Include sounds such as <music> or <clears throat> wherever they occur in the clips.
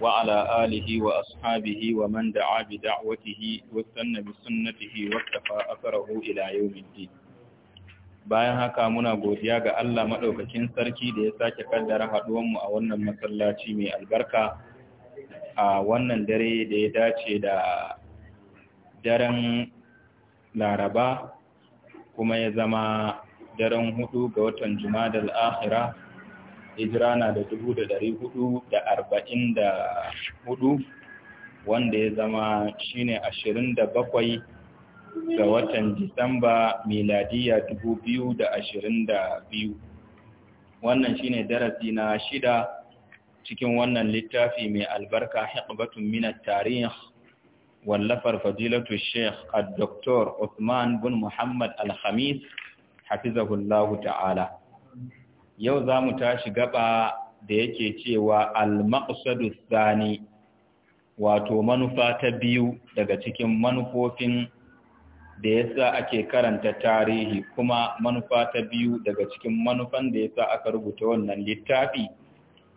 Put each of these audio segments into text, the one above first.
وعلى آله وأصحابه ومن دعا بدعوته واستنى بسنته واكتفى أثره إلى يوم الدين bayan haka muna godiya ga Allah madaukakin sarki da ya sake kaddara haɗuwanmu a wannan masallaci mai albarka a wannan dare da ya dace da daren laraba kuma ya zama daren hudu ga watan jumadal akhira hijira na da dubu da dari hudu da arba'in da hudu wanda ya zama shine ashirin da bakwai ga watan disamba miladiya dubu biyu da ashirin da biyu wannan shine darasi na shida cikin wannan littafi mai albarka hiqbatun minar tarih wallafar fadilatu sheikh al-doktor Usman bin Muhammad al hafizahullahu ta'ala yau za mu tashi gaba da yake cewa al-maqsadu tsani wato manufa ta biyu daga cikin manufofin da yasa ake karanta tarihi kuma manufa ta biyu daga cikin manufan da yasa aka rubuta wannan littafi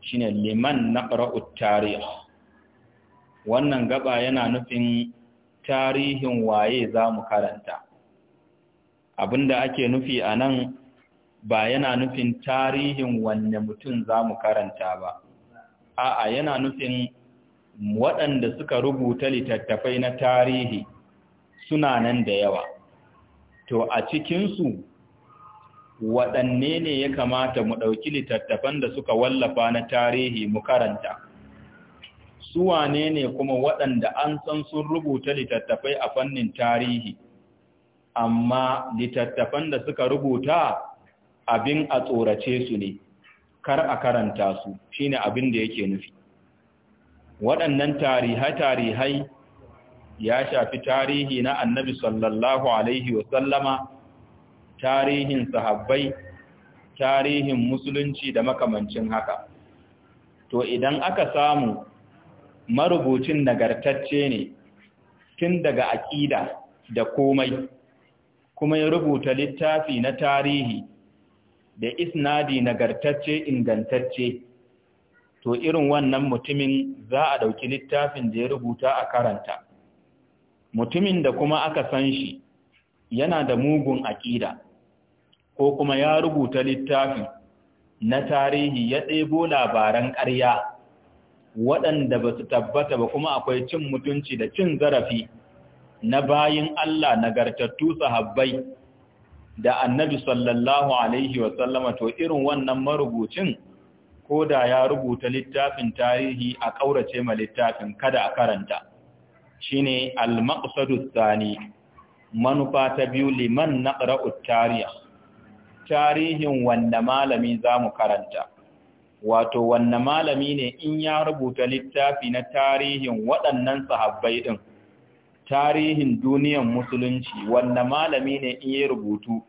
shine liman naqra'u tarih wannan gaba yana nufin tarihin waye za mu karanta abinda ake nufi a nan ba yana nufin tarihin wanne mutum za mu karanta ba a'a yana nufin waɗanda suka rubuta littattafai na tarihi suna nan da yawa to a cikinsu waɗanne ne ya kamata mu ɗauki littattafan da suka wallafa na tarihi mu karanta su wane ne kuma waɗanda an san sun rubuta littattafai a fannin tarihi amma littattafan da suka rubuta abin a tsorace su ne kar a karanta su shine abin da yake nufi waɗannan tarihai-tarihai ya shafi tarihi na annabi sallallahu alaihi wasallama tarihin sahabbai tarihin musulunci da makamancin haka to idan aka samu marubucin nagartacce ne tun daga aƙida da komai kuma ya rubuta littafi na tarihi da isnadi nagartacce ingantacce to irin wannan mutumin za a ɗauki littafin da ya rubuta a karanta mutumin da kuma aka san shi yana da mugun aƙida ko kuma ya rubuta littafi na tarihi ya ɗebo labaran ƙarya waɗanda ba su tabbata ba kuma akwai cin mutunci da cin zarafi na bayin Allah nagartattu sahabbai da annabi sallallahu alaihi wasallama to irin wannan marubucin ko da ya rubuta littafin tarihi a ƙaurace ma littafin kada a karanta shine al-maqsadu manufa ta biyu liman naqra'u tarih tarihin wanda malami zamu karanta wato wanda malami ne in ya rubuta littafi na tarihin waɗannan sahabbai din tarihin duniyan musulunci wanda malami ne in yi rubutu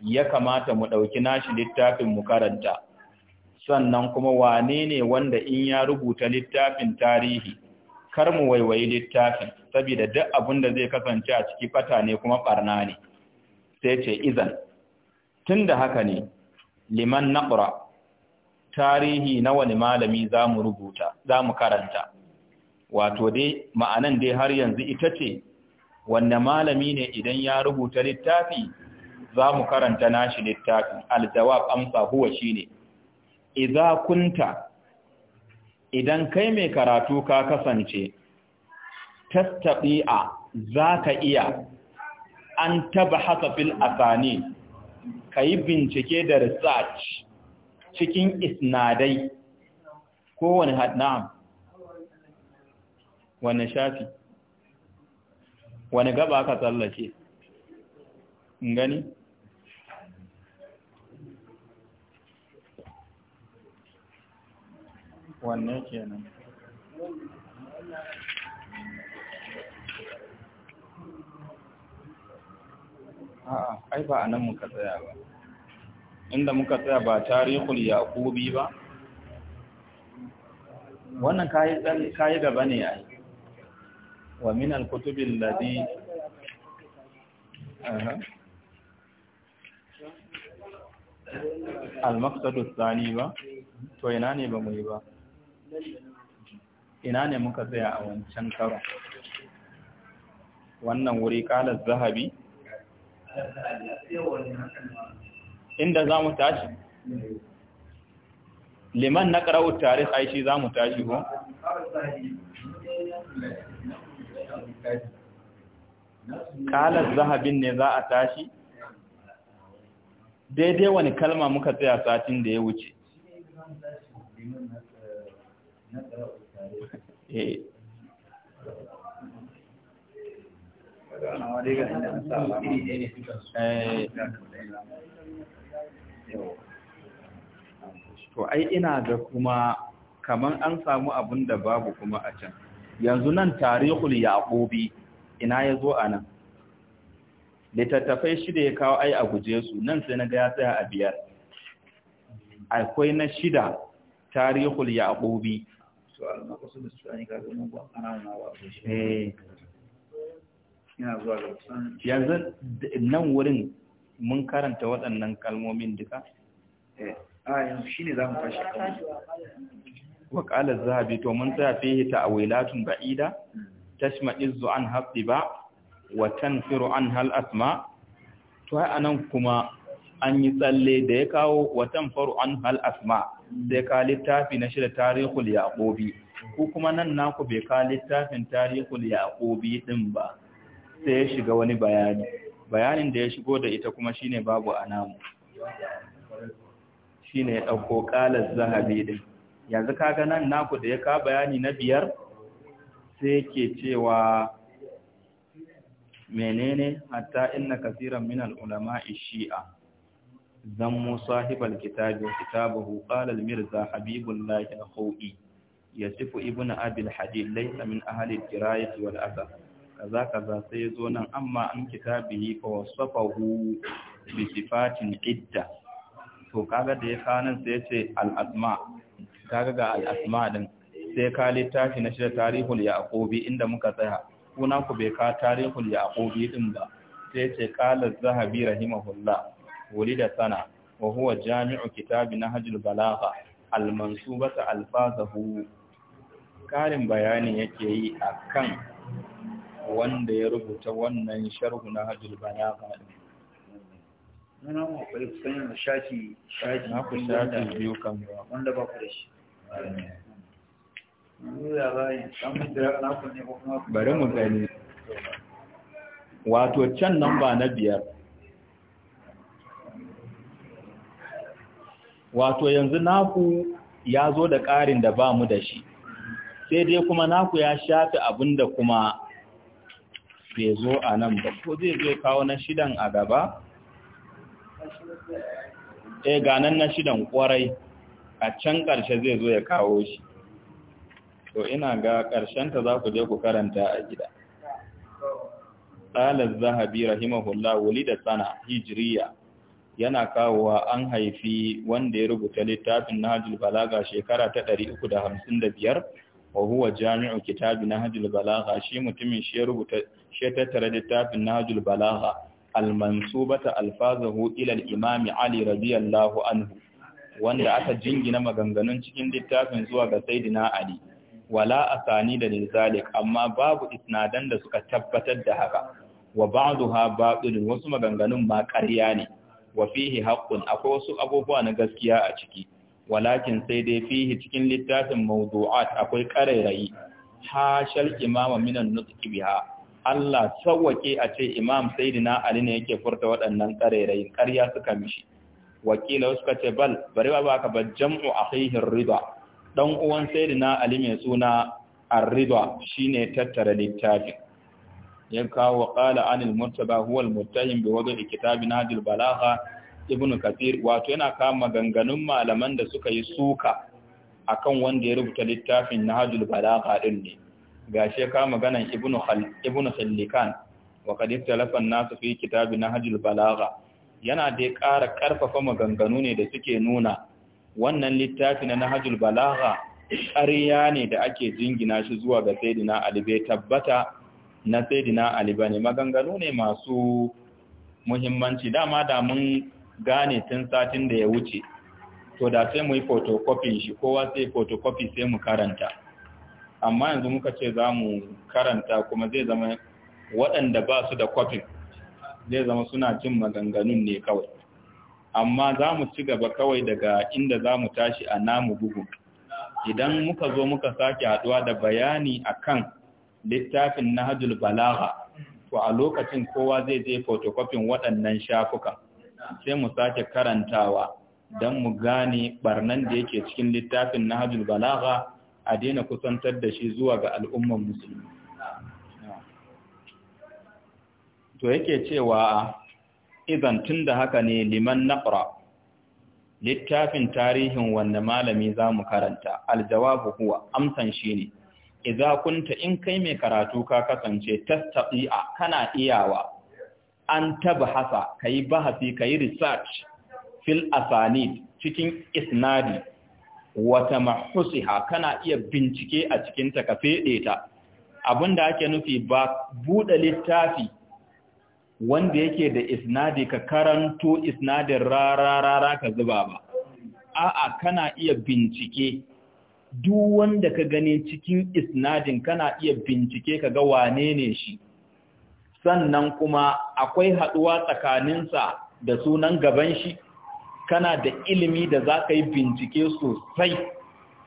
ya kamata mu ɗauki nashi littafin mu karanta sannan kuma wane ne wanda in ya rubuta littafin tarihi kar mu waiwayi littafin saboda duk abin da zai kasance a ciki fata ne kuma barna ne sai ce izan tun da haka ne liman naqra tarihi na wani malami za rubuta za mu karanta wato dai ma'anan dai har yanzu ita ce wanne malami ne idan ya rubuta littafi za mu karanta nashi littafi aljawab amsa huwa shine idza kunta idan kai mai karatu ka kasance tastabi'a zaka iya an tabhasa fil asani kai bincike da research cikin isnadai kowane na'am wannan shafi wani gaba aka tsallake gani wannan kenan a'a ai ba anan muka tsaya ba inda muka tsaya ba tarihul ya ba wannan kayi gaba ne ya yi. ومن الكتب الذي أه. المقصد الثاني با to ina ne ba mu yi ba ina ne muka tsaya a wancan karo wannan wuri kalar zahabi inda za mu tashi liman na ƙara'u tarihi aishi za mu tashi ko kalar zahabin ne za a tashi daidai wani kalma muka tsaya satin da ya wuce eh. Eh. to ai ina ga kuma kaman an samu abun da babu kuma a can yanzu nan tarihul yaqubi ina ya zo a nan littattafai shida ya kawo ai a guje su nan sai na ga ya tsaya a biyar akwai na shida tarihul yaqubi eh. yanzu nan wurin mun karanta waɗannan kalmomin duka? Eh. a ah, yanzu shi ne za mu fashe wa qala zahabi to mun tsaya fihi ta'wilatun ba'ida tashma'izzu an haqqiba wa tanfiru an hal asma to ai anan kuma an yi tsalle da ya kawo wa tanfaru an hal asma sai ka littafi na shida tarihul yaqubi ko kuma nan naku bai ka littafin tarihul yaqubi din ba sai ya shiga wani bayani bayanin da ya shigo da ita kuma shine babu anamu shine ya dauko qalar zahabi din yanzu kaga nan naku da ya ka bayani na biyar sai ke cewa menene hatta inna kasiran min al-ulama shi'a mu sahibal kitabi wa kitabahu qala al-mirza habibullah al-khawi yasifu ibnu abil hadid laysa min ahli al-qira'ati wal adab kaza kaza sai zo nan amma an kitabihi fa wasafahu bi sifatin idda to kaga da ya kanan sai ce al-asma' kaga ga al'asma din sai ka littafi na shida tarihul yaqubi inda muka tsaya kuna ku bai ka tarihul yaqubi din ba sai ce qala zahabi rahimahullah wulida sana wa huwa jami'u kitabi nahjul balagha al alfasa alfazahu karin bayani yake yi akan wanda ya rubuta wannan sharhu na hajjul balaga na na mu akwai kusan shafi biyu kan wanda ba ku da shi bari mu gani wato can nan ba na biyar wato yanzu naku ya zo da ƙarin da ba mu da shi sai dai kuma naku ya shafi abin da kuma bai zo a nan ba ko zai zo kawo na shidan a gaba? Eh, ga ganan na shidan kwarai a can ƙarshe zai zo ya kawo shi to ina ga ƙarshenta za ku je ku karanta a gida ɗalar zahabi rahimahullah wuli da tsana, hijiriya yana kawowa an haifi wanda ya rubuta littafin na nahajul balaga shekara ta ɗari da 355 wa huwa jami'u kitabi na nahajul balaga shi mutumin shi ya rubuta shi tattara littafin nahajul balaga al-mansubata alfazahu ilal Imami, ali radiyallahu anhu wanda aka jingina maganganun cikin littafin zuwa ga Saidina Ali wala asani da nizalik amma babu isnadan da suka tabbatar da haka wa ba'daha ba'dun wasu maganganun ma ƙarya ne wa fihi haqqun akwai wasu abubuwa na gaskiya a ciki walakin sai dai fihi cikin littafin mawdu'at akwai ƙarairayi hashal imama minan nutqi biha Allah sawwake a ce imam sayyidina Ali ne yake furta waɗannan ƙarairayin ƙarya suka mishi wakila suka ce bal bari ba ka ba jam'u akhihi ar dan uwan sayyidina ali mai suna ar shine tattara littafin ya kawo qala anil murtaba huwa al-muttahim bi wadi' kitab nahj balagha Ibnu kathir wato yana kama ganganun malaman da suka yi suka akan wanda ya rubuta littafin na al-balagha din ne gashi ka maganan ibnu khal ibn khallikan wa kadifta lafan nasu fi kitab na balagha yana da ƙara ƙarfafa maganganu ne da suke nuna wannan littafi na nahajul Balagha ƙarya ne da ake jingina shi zuwa ga saidina Ali bai tabbata na saidina Ali bane maganganu ne masu muhimmanci dama da mun gane tun satin da ya wuce to da sai mu yi photocopy shi kowa sai photocopy sai mu karanta amma yanzu muka ce za mu karanta kuma zai zama waɗanda ba su da kwafin zai zama suna cin maganganun ne kawai amma za mu ci gaba kawai daga inda za mu tashi a namu bugu idan muka zo muka sake haduwa da bayani a kan littafin nahjul balagha to a lokacin kowa zai je photocopying waɗannan shafukan sai mu sake karantawa don mu gane barnan da yake cikin littafin nahjul balagha a daina kusantar da shi zuwa ga al'ummar musulmi to yake cewa idan tunda haka ne liman naqra littafin tarihin wanda malami zamu karanta aljawabu huwa amsan shine idza kunta in kai mai karatu ka kasance tastaqi'a kana iyawa an tabhasa kai bahasi kai research fil asanid cikin isnadi Wata mahusiha kana iya bincike a cikin ta ka fede ta abinda ake nufi ba buɗe littafi wanda yake da isnadi ka karanto isnadin rara-rara ka zuba ba a'a kana iya bincike duk wanda ka gani cikin isnadin kana iya bincike ka ga wane ne shi sannan kuma akwai haɗuwa tsakaninsa da sunan gaban shi kana da ilimi da za ka yi bincike sosai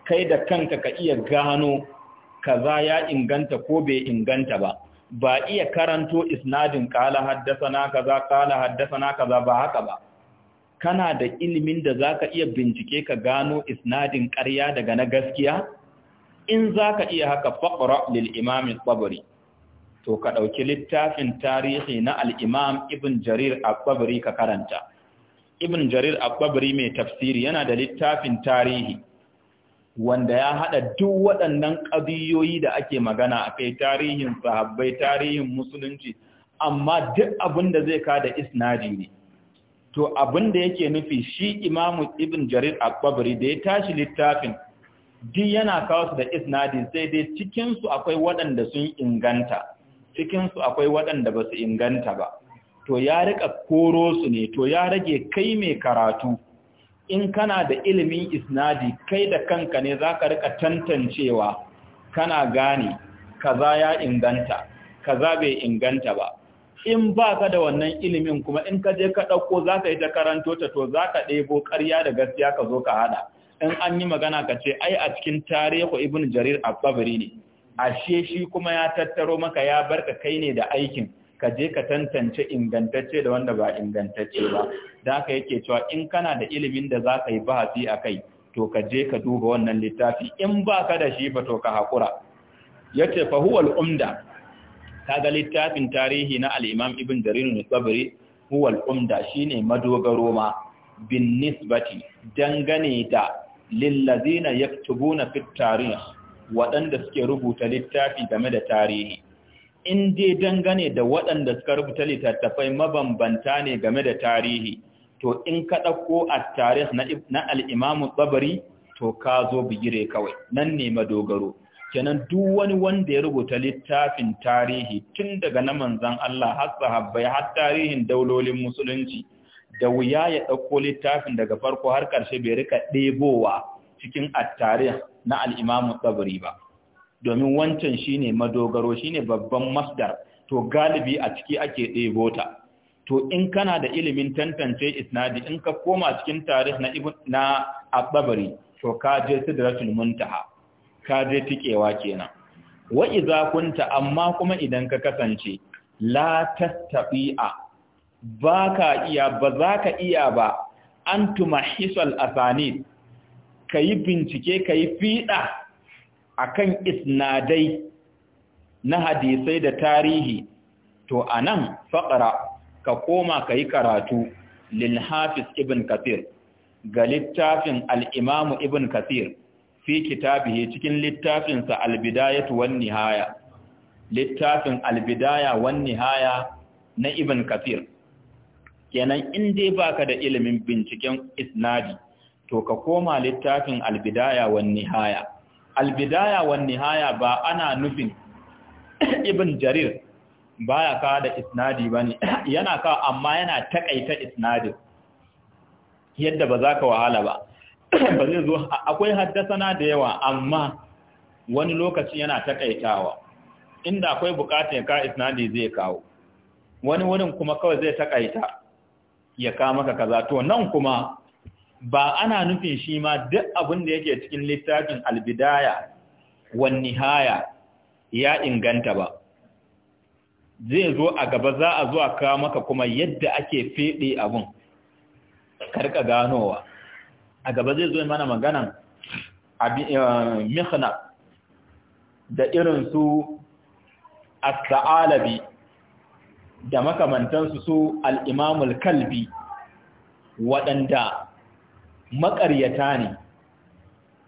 kai da kanka ka iya gano kaza ya inganta ko bai inganta ba ba iya karanto isnadin kala haddasana kaza kala haddasana kaza ba haka ba kana da ilimin da zaka iya bincike ka gano isnadin ƙarya daga na gaskiya in zaka iya haka faqra lil imam al-tabari to ka dauki littafin tarihi na al-imam ibn jarir al-tabari ka karanta ibn jarir al-tabari mai tafsiri yana da littafin tarihi wanda ya haɗa duk waɗannan ƙabiyoyi da ake magana a kai tarihin sahabbai tarihin musulunci amma duk abin da zai kada isnadi ne to abin da yake nufi shi imamu ibn jarir al-qabri da ya tashi littafin duk yana kawo su da isnadi sai dai cikinsu akwai waɗanda sun inganta cikinsu akwai waɗanda ba su inganta ba to ya rika koro su ne to ya rage kai mai karatu in kana da ilimin isnadi kai da kanka ne za ka rika tantancewa kana gane kaza ya inganta kaza bai inganta ba in ba ka da wannan ilimin kuma in ka je ka ɗauko za ka yi ta karanto ta to za ka ɗebo ƙarya da gaskiya ka zo ka haɗa in an yi magana ka ce ai a cikin tarihu ibn jarir a ne ashe shi kuma ya tattaro maka ya barka kai ne da aikin ka je ka tantance ingantacce da wanda ba ingantacce ba da aka yake cewa in kana da ilimin da za ka yi bahasi a kai to ka je ka duba wannan littafi in ba ka da shi ba to ka haƙura ya ce fahuwal umda ta ga littafin tarihi na al'imam ibn jaririn tsabiri huwal umda shi ne madogaro ma bin nisbati dangane da lillazina ya tubuna fit tarihi waɗanda suke rubuta littafi game da tarihi in dai dangane da waɗanda suka rubuta littattafai mabambanta ne game da tarihi to in ka ɗauko a tarih na al'imamin tsabari to ka zo bigire kawai nan ne madogaro kenan duk wani wanda ya rubuta littafin tarihi tun daga na manzan Allah har sahabbai har tarihin daulolin musulunci da wuya ya ɗauko littafin daga farko har ƙarshe bai rika ɗebowa cikin attarih na al'imamu tsabari ba domin wancan shine madogaro shine babban masdar to galibi a ciki ake ɗebo ta to in kana da ilimin tantance isnadi in ka koma cikin tarih na ibn na abbabari to ka je sidratul muntaha ka je tikewa kenan wa idza kunta amma kuma idan ka kasance la tastabi'a baka iya ba ka iya ba an tumahisal asani kayi bincike kayi fida akan isnadai na hadisai da tarihi to anan faqra ka koma ka yi karatu lil hafiz ibn kathir ga littafin Al'imamu imam ibn kathir fi tabihi cikin littafinsa al-bidayatu wan nihaya littafin al wan nihaya na ibn kathir kenan in dai baka da ilimin binciken isnadi to ka koma littafin albidaya wan nihaya albidaya wan nihaya ba ana nufin <coughs> ibn jarir baya ka da isnadi bane <clears throat> yana ka amma yana takaita isnadi yadda ba za ka wahala ba <clears throat> ba zai zo akwai haddasana da yawa amma wani lokaci yana takaitawa inda akwai bukatun ka isnadi zai kawo wani wurin kuma kawai zai takaita ya ka kaza to nan kuma ba ana nufin shi ma duk abin da yake cikin littafin albidaya wa nihaya ya inganta ba zai zo a gaba za a zo a kawo maka kuma yadda ake feɗe abun karka ganowa a gaba zai zo mana maganan eh, mihna da irin su as da makamantansu su al kalbi waɗanda maƙaryata ne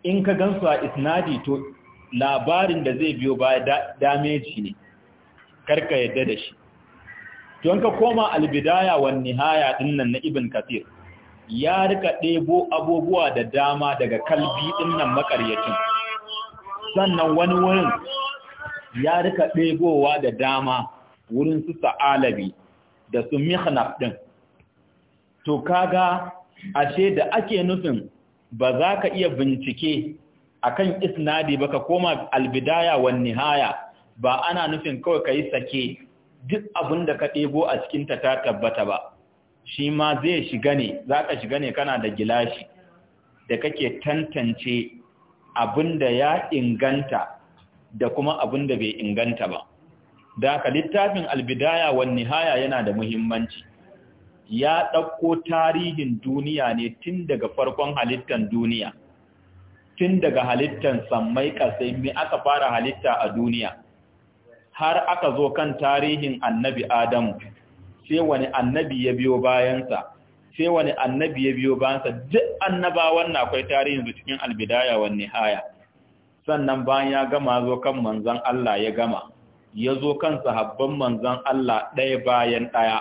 in ka gansu a isnadi to labarin da zai biyo ba dameji ne karka yadda da shi don ka koma albidaya wa nihaya dinnan na ibn kathir ya rika ɗebo abubuwa da dama daga kalbi dinnan makaryacin sannan wani wurin ya rika ɗebowa da dama wurin su sa'alabi da su mihnaf ɗin. to kaga ashe da ake nufin ba za ka iya bincike a kan isnadi ba ka koma albidaya wa nihaya ba ana nufin kawai ka yi sake duk abin da ka ɗebo a cikinta ta tabbata ba shi ma zai shiga ne za ka shiga ne kana da gilashi da kake tantance abin da ya inganta da kuma abin da bai inganta ba da ka littafin albidaya wani haya yana da muhimmanci ya ɗauko tarihin duniya ne tun daga farkon halittan duniya tun daga halittan sammai ƙasai me aka fara halitta a duniya har aka zo kan tarihin annabi Adamu, sai wani annabi ya biyo bayansa, sai wani annabi ya biyo bayansa duk annabawan na akwai tarihin su cikin albidaya wa nihaya. Sannan bayan ya gama zo kan manzan Allah ya gama, ya zo kan sahabban manzan Allah ɗaya bayan ɗaya,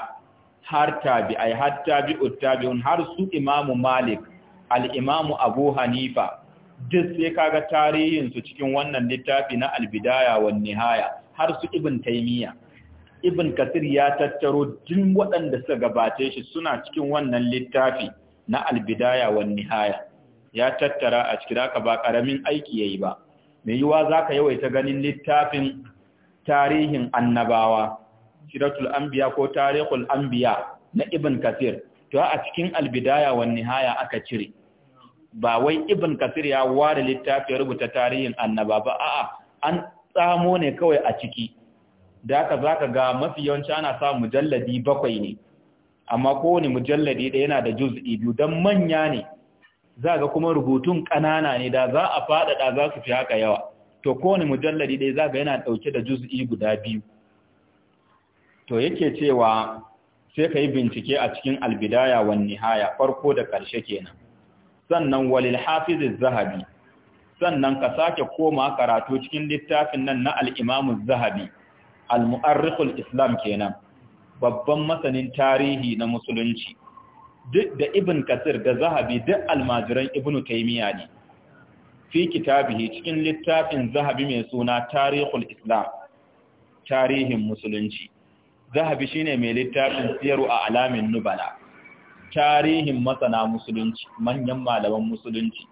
har ai, har tabi, tabi'un, har su imamu Malik, al'imamu Abu Hanifa, duk sai kaga tarihinsu cikin wannan littafi na albidaya wa nihaya. har su ibn taimiyya ibn kasir ya tattaro duk waɗanda suka gabace shi suna cikin wannan littafi na albidaya wa nihaya ya tattara a cikin aka ba ƙaramin aiki yayi ba mai yiwa za ka yawaita ganin littafin tarihin annabawa siratul anbiya ko tarihul anbiya na ibn kasir to a cikin albidaya wa nihaya aka cire ba wai ibn kasir ya ware littafi ya rubuta tarihin annaba ba a'a an tsamo ne kawai a ciki da aka za ka ga mafi yawanci ana sa mujalladi bakwai ne amma kowane mujalladi ɗaya yana da juz'i biyu don manya ne za ga kuma rubutun ƙanana ne da za a faɗaɗa za su fi haka yawa to kowane mujalladi ɗaya za ga yana ɗauke da juz'i guda biyu to yake cewa sai ka yi bincike a cikin albidaya wani haya farko da ƙarshe kenan sannan walil hafiz zahabi sannan ka sake koma karatu cikin littafin nan na al zahabi al-Mu'arrikhul Islam kenan babban masanin tarihi na musulunci duk da Ibn kasir da Zahabi duk almajiran Ibn Taymiyyah ne fi kitabihi cikin littafin Zahabi mai suna Tarihul Islam tarihin musulunci Zahabi shine mai littafin Siyaru a Alamin Nubala tarihin masana musulunci manyan malaman musulunci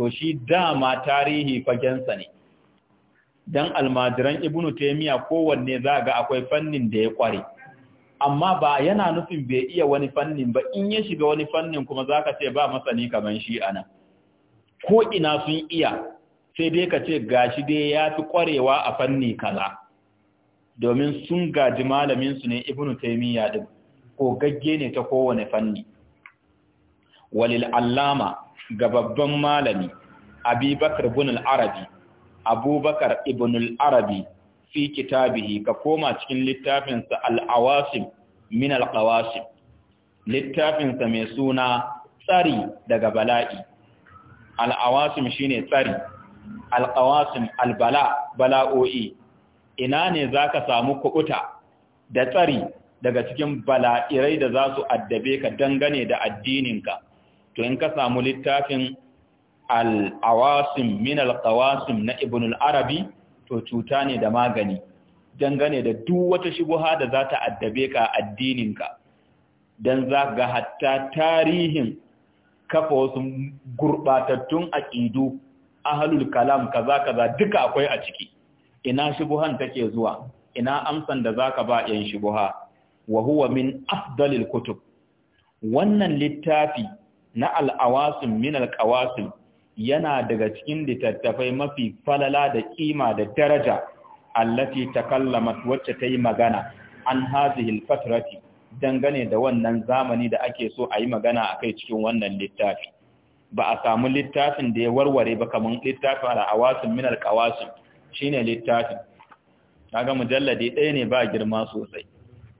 to shi dama tarihi fagensa ne dan almajiran ibnu taymiya kowanne za ga akwai fannin da ya kware amma ba yana nufin bai iya wani fannin ba in ya shiga wani fannin kuma zaka ce ba masani kamar shi anan. ko ina sun iya sai dai ka ce gashi dai ya fi kwarewa a fanni kaza domin sun gaji malamin su ne ibnu taymiya din ko gagge ne ta kowane fanni walil allama ga babban malami abubakar ibn al-arabi abubakar ibn al-arabi fi kitabihi ka koma cikin littafinsa al-awasim min al-qawasim littafinsa mai suna tsari daga bala'i al-awasim shine tsari al-qawasim al-bala bala'o'i ina ne zaka samu kuɓuta da tsari daga cikin bala'irai da za su addabe ka dangane da addininka in ka samu littafin al'awasim min al'awasim na ibn Arabi, to cuta ne da magani dangane da duk wata shubuha da za ta addabe ka addininka don za ga hatta tarihin kafa wasu gurɓatattun aƙidu ahalul kalam kaza kaza duka akwai a ciki ina shubuhan take zuwa ina amsan da zaka ba yan shubuha wa huwa min afdalil kutub wannan littafi na al'awasin min alƙawasin yana daga cikin littattafai mafi falala da ƙima da daraja ta kallama wacce ta yi magana an hazihil fatrati dangane da wannan zamani da ake so a yi magana a kai cikin wannan littafi ba a samu littafin da ya warware ba kamar littafin al'awasin min shi shine littafin kaga mujalladi ɗaya ne ba girma sosai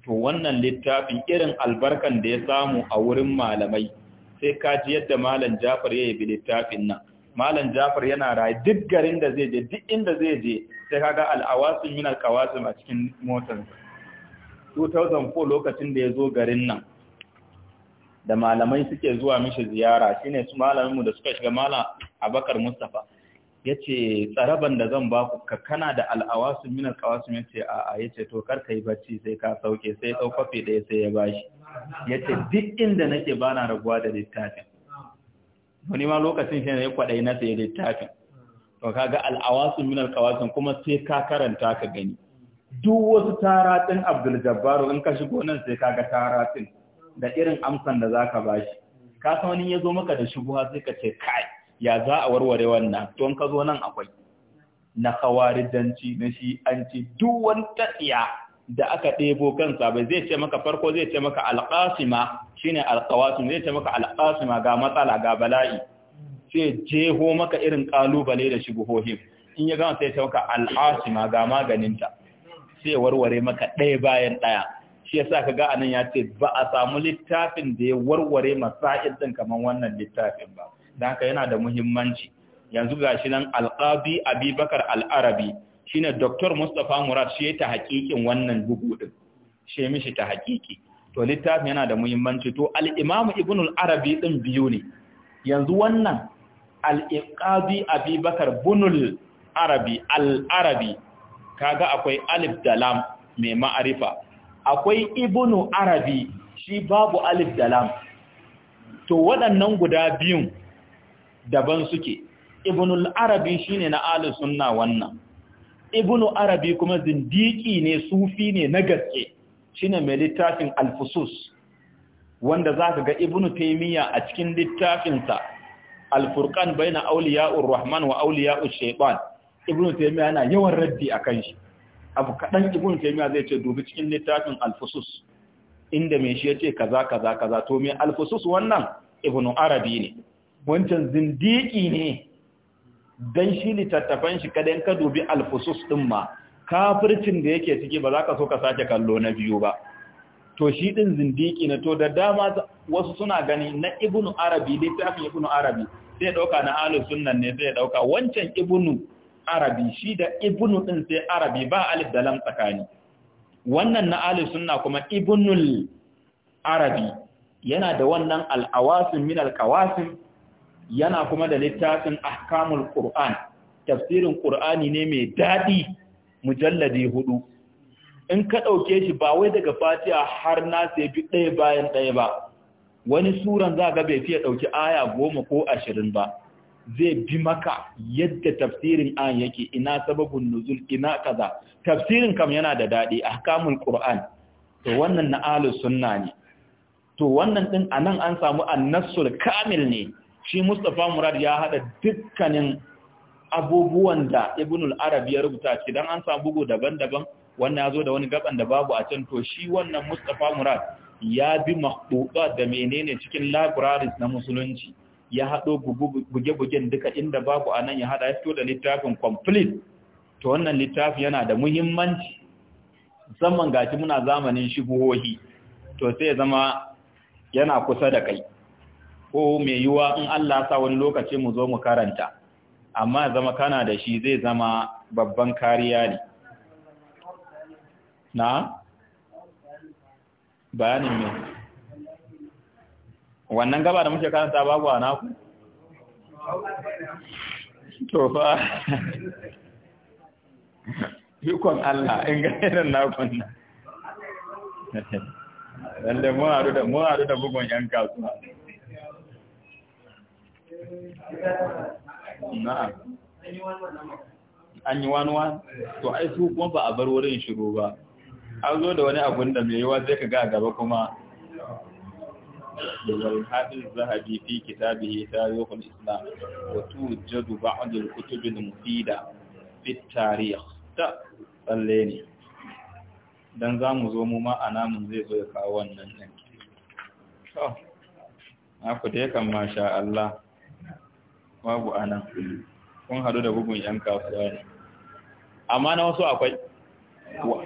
to wannan littafin irin albarkan da ya samu a wurin malamai sai ka ji yadda malam Jafar ya bi littafin nan malam Jafar yana rayu duk garin da zai je duk inda zai je sai kaga al'awasin min al-kawasim a cikin motarsa 2004 lokacin da ya zo garin nan da malamai suke zuwa mishi ziyara shine su malamin mu da suka shiga malam Abakar Mustafa Yace tsaraban da zan baku ka kana da al'awasu minar kawasu ya ce a'a ya ce to karka yi bacci sai ka sauke sai kwafi ɗaya sai ya bashi ya duk inda nake ba na rabuwa da littafin wani ma lokacin shi ne ya kwaɗai na sai littafin to kaga al'awasu minar kawasu kuma sai ka karanta ka gani duk wasu taratin abdul jabbaru in ka shigo nan sai kaga taratin da irin amsan da zaka bashi ka san wani ya zo maka da shubuha sai ka ce kai ya za a warware wannan don ka zo nan akwai na danci na shi an duk wani tatsiya da aka ɗebo kansa bai zai ce maka farko zai ce maka alƙasima shine alƙawasim zai ce maka alƙasima ga matsala ga bala'i sai jeho maka irin ƙalubale da buhohim in ya gama sai ce maka alƙasima ga maganinta sai warware maka ɗaya bayan ɗaya shi yasa ka ga anan ya ce ba a samu littafin da ya warware masa'id din kamar wannan littafin ba da haka yana da muhimmanci yanzu ga shi nan alqabi abubakar al-arabi shine dr Mustapha murad shi ta haƙiƙin wannan bugu din shi mishi ta haƙiƙi to littafin yana da muhimmanci to al-imam ibn al-arabi din biyu ne yanzu wannan al-iqabi abubakar bunul arabi al-arabi kaga akwai alif da lam mai ma'arifa akwai ibnu arabi shi babu alif da lam to waɗannan guda biyun daban suke al arabi shine na ahlus sunna wannan ibnu arabi kuma zindiki ne sufi ne na gaske shine mai littafin alfusus wanda zaka ga ibnu taymiya a cikin littafinsa Alfurkan baina awliya'ur rahman wa awliya'ush shaytan ibnu taymiya yana yawan raddi akan shi abu kadan ibnu taymiya zai ce dubi cikin littafin alfusus inda mai shi yace kaza kaza kaza to mai alfusus wannan ibnu arabi ne wancan zindiki ne dan shi littattafan shi kadan ka dubi alfusus din ma kafircin da yake ciki ba za ka so ka sake kallo na biyu ba to shi din zindiki ne to da dama wasu suna gani na ibnu arabi littafin ibnu arabi sai dauka na ahlus sunnan ne sai dauka wancan ibnu arabi shi da ibnu din sai arabi ba alif da lam tsakani wannan na ahlus sunna kuma ibnul arabi yana da wannan al-awasim min al kawasim yana kuma da littafin ahkamul qur'an tafsirin qur'ani ne mai dadi mujalladi hudu in ka dauke shi ba wai daga fatiha har na sai bi ɗaya bayan ɗaya ba wani suran za ga bai fiye dauki aya goma ko ashirin ba zai bi maka yadda tafsirin an yake ina sababun nuzul ina kaza tafsirin kam yana da dadi ahkamul qur'an to wannan na ahlus sunna ne to wannan din anan an samu annasul kamil ne shi Mustapha Murad ya haɗa dukkanin abubuwan da Ibnul arab ya rubuta idan dan an samu bugu daban-daban wannan yazo da wani gaban da babu a can to shi wannan Mustapha Murad ya bi makhduba da menene cikin libraries na musulunci ya hado buge-bugen duka inda babu a nan ya hada ya fito da littafin complete to wannan littafin yana da muhimmanci musamman gashi muna zamanin shigohohi to sai ya zama yana kusa da kai ko mai yiwa in Allah sa wani lokaci mu zo mu karanta amma zama kana da shi zai zama babban kariya ne na bayanin me wannan gaba da muke karanta babu a naku to fa yukon Allah in ga irin na nan da mu haɗu da bugon 'yan kasuwa na'am an yi wani wani to ai su kuma ba a bar wurin shiru ba an zo da wani abun da mai yiwa zai ka ga gaba kuma والحافظ الذهبي في كتابه تاريخ الإسلام وتوجد بعض fit المفيدة ta tsalle ne. Don za mu zo mu ma a zai zo ya kawo wannan yanki. aku dai kan masha Allah. babu ana kun hadu da bugun yan kasuwa ne amma na wasu akwai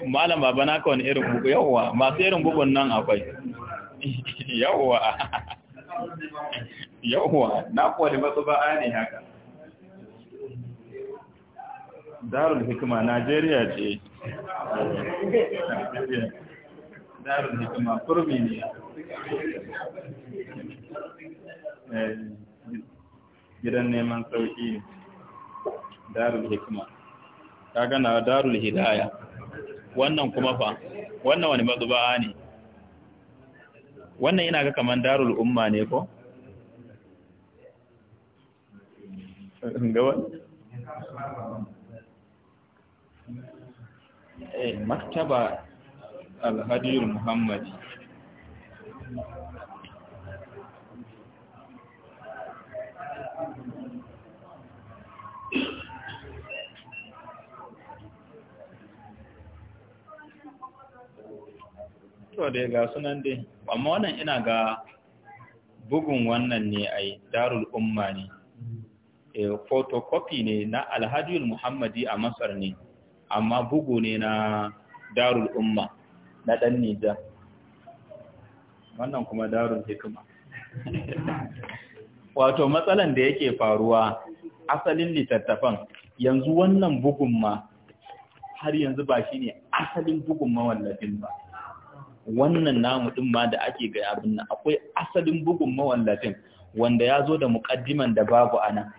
malam ba na ka wani irin bugu yawwa masu irin bugun nan akwai <laughs> yawwa <laughs> yawwa na kwari masu ba'a ne haka darul hikima najeriya ce <laughs> darul hikima kurmi ne eh. gidan neman sauki darul hikima Ta gana darul hidaya wannan kuma fa wannan wani mazuba'a ne wannan ina ga kamar darul umma ne ko ga wani eh, maktaba alhadir muhammadi to dai ga sunan dai amma wannan ina ga bugun wannan ne ai darul umma ne eh photocopy ne na alhajjul muhammadi a masar ne amma bugu ne na darul umma na dan nija wannan kuma darul hikima <laughs> wato matsalan da yake faruwa asalin litattafan, yanzu wannan bugun ma har yanzu ba shi ne asalin bugun mawallafin ba wannan namu din ma da ake ga abin nan akwai asalin bugun mawallafin wanda ya zo da muƙaddiman da babu ana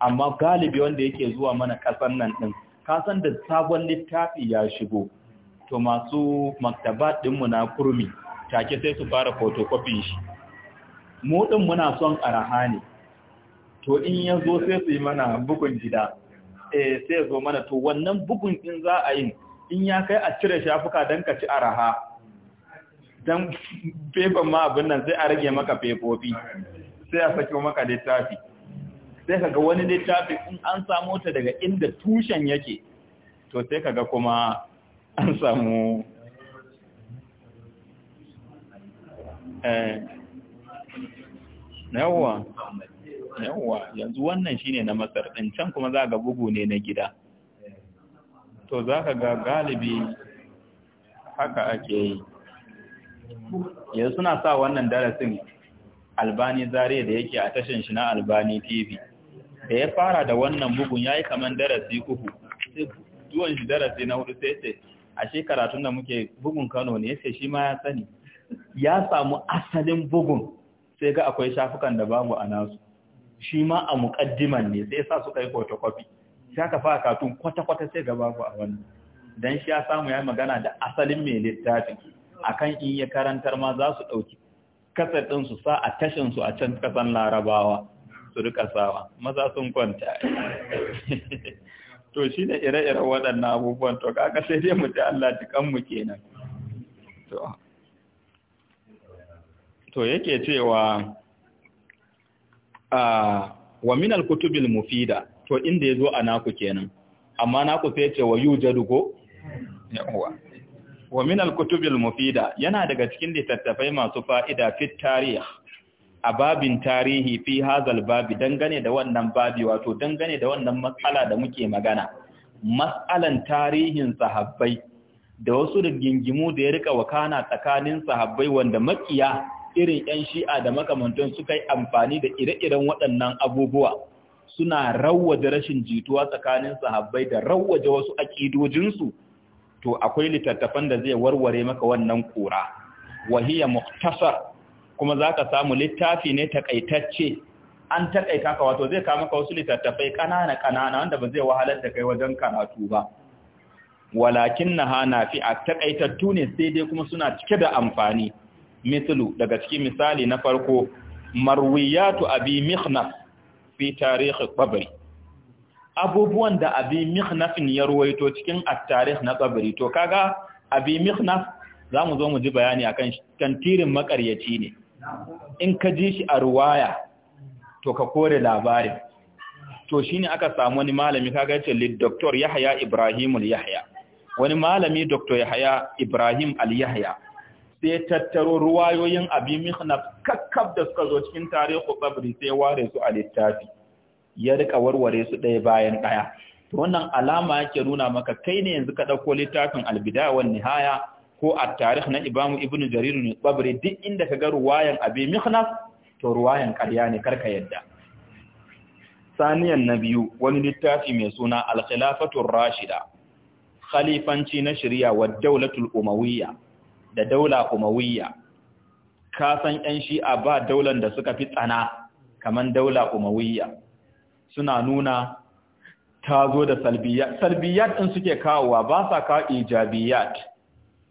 amma galibi wanda yake zuwa mana ƙasar nan ɗin kasan da sabon littafi ya shigo to masu maktaba ɗinmu na kurmi take sai su fara photocopy shi mu ɗin muna son araha ne to in ya zo sai su yi mana bugun gida eh sai zo mana to wannan bugun in za a yi in ya kai a cire shafuka don ka ci araha don fefan ma abin nan sai a rage maka fefofi sai a sake maka littafi sai kaga wani littafi in an samu ta daga inda tushen yake to sai kaga kuma an samu eh, yawwa yanzu wannan shine na masar din can kuma za ga bugu ne na gida to za ka ga galibi haka ake yi yanzu suna sa wannan darasin albani zare da yake a tashin shi na albani tv da ya fara da wannan bugun ya yi kamar darasi uku duwan shi darasi na hudu sai ce a shekaratun da muke bugun kano ne yace shi ma ya sani ya samu asalin bugun sai ga akwai shafukan da babu a nasu shi ma a muƙaddiman ne sai sa suka yi photocopy sai aka fara katun kwata-kwata sai gaba ku a wannan don shi ya samu ya magana da asalin mai littafin akan in ya karantar ma za su ɗauki kasar ɗin su sa a tashin su a can kasan larabawa su rika sawa maza sun kwanta <laughs> to shi ne ire-iren waɗannan abubuwan to kaka sai dai mu ji Allah mu kenan to to yake cewa ah, wa min al-kutubil mufida to inda ya zo a naku kenan amma naku sai ce wa yu jadugo yawa wa min al-kutubil mufida yana daga cikin littattafai masu fa'ida fi tarih a babin tarihi fi hazal babi dangane da wannan babi wato dangane da wannan matsala da muke magana matsalan tarihin sahabbai da wasu rigingimu da ya rika wakana tsakanin sahabbai wanda makiya irin 'yan shi'a da makamantan suka yi amfani da ire-iren waɗannan abubuwa suna rawwaje rashin jituwa tsakanin sahabbai da rawwaje wasu aƙidojinsu to akwai litattafan da zai warware maka wannan kura wahiya muktasar kuma za ka samu littafi ne takaitacce an takaita ka wato zai kama maka wasu littattafai ƙanana ƙanana wanda ba zai wahalar da kai wajen karatu ba walakin na hana fi a takaitattu ne sai dai kuma suna cike da amfani misalu daga cikin misali na farko marwiyatu abi mihnaf fi tarihi babari abubuwan da abi mihnafin ya ruwaito cikin at-tarikh na babari to kaga abi za mu zo mu ji bayani akan kantirin makaryaci ne in ka ji shi a ruwaya to ka kore labarin to shine aka samu wani malami kaga yace lid doctor Yahya Ibrahim yahya wani malami doctor Yahya Ibrahim al-Yahya sai tattaro ruwayoyin abi mihnaf kakkab da suka zo cikin tarihu babri sai ware su a littafi ya rika warware su ɗaya bayan ɗaya to wannan alama yake nuna maka kai ne yanzu ka ɗauko littafin albida wal nihaya ko a tarihi na Ibamu, ibnu jarir ne babri duk inda ka ga ruwayan abi mihnaf to ruwayan ƙarya ne karka yadda saniyan na biyu wani littafi mai suna al-khilafatur rashida khalifanci na shari'a wa daulatul umawiyya da daula umawiyya ka san ƴan shi'a ba daular da suka fi tsana kamar daula umawiyya suna nuna ta zo da salbiyat salbiyat ɗin suke kawowa ba sa kawo ijabiyat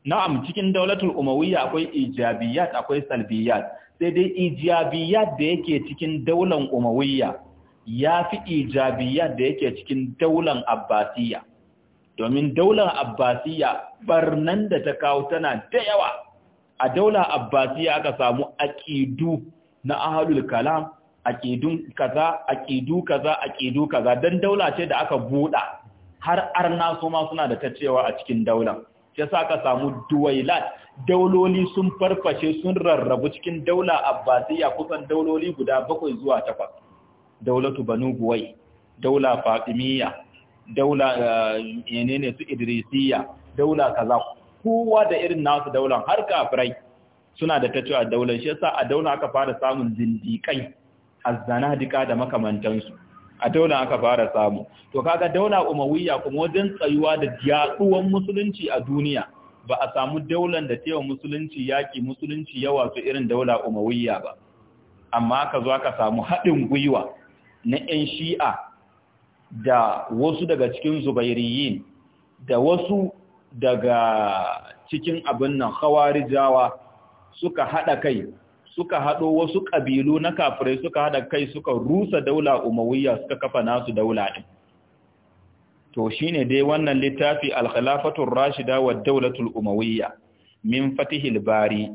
na'am cikin daulatul umawiyya akwai ijabiyat akwai salbiyat sai dai ijabiyat da yake cikin daular umawiyya ya fi ijabiyat da yake cikin daular abbasiyya domin daular abbasiya barnan da ta kawo tana da yawa a daular abbasiya aka samu aƙidu na ahalul kalam aƙidun kaza aƙidu kaza aƙidu kaza don daula ce da aka buɗa har arna su ma suna da ta cewa a cikin daular ya sa ka samu duwailat dauloli sun farfashe sun rarrabu cikin daula abbasiya kusan dauloli guda bakwai zuwa takwas daulatu banu guwai daula fatimiyya daula eh, ne su idrisiya daula kaza kowa da irin nasu daular har kafirai suna da ta cewa daular shi yasa a daular aka fara samun zindikai dika da makamantansu a daular aka fara samu to kaga daular umawiyya kuma wajen tsayuwa da yaduwan musulunci a duniya ba a samu daular da tewa musulunci yaki musulunci yawa su irin daular umawiyya ba amma ka zo ka samu haɗin gwiwa na 'yan shi'a da wasu daga cikin zubairiyin da wasu daga cikin abin nan hawarijawa suka haɗa kai suka haɗo wasu kabilu na kafirai suka haɗa kai suka rusa daula umawiyya suka kafa nasu daula din to shine dai wannan littafi al-khilafatur rashida wa daulatul umawiyya min fatihil bari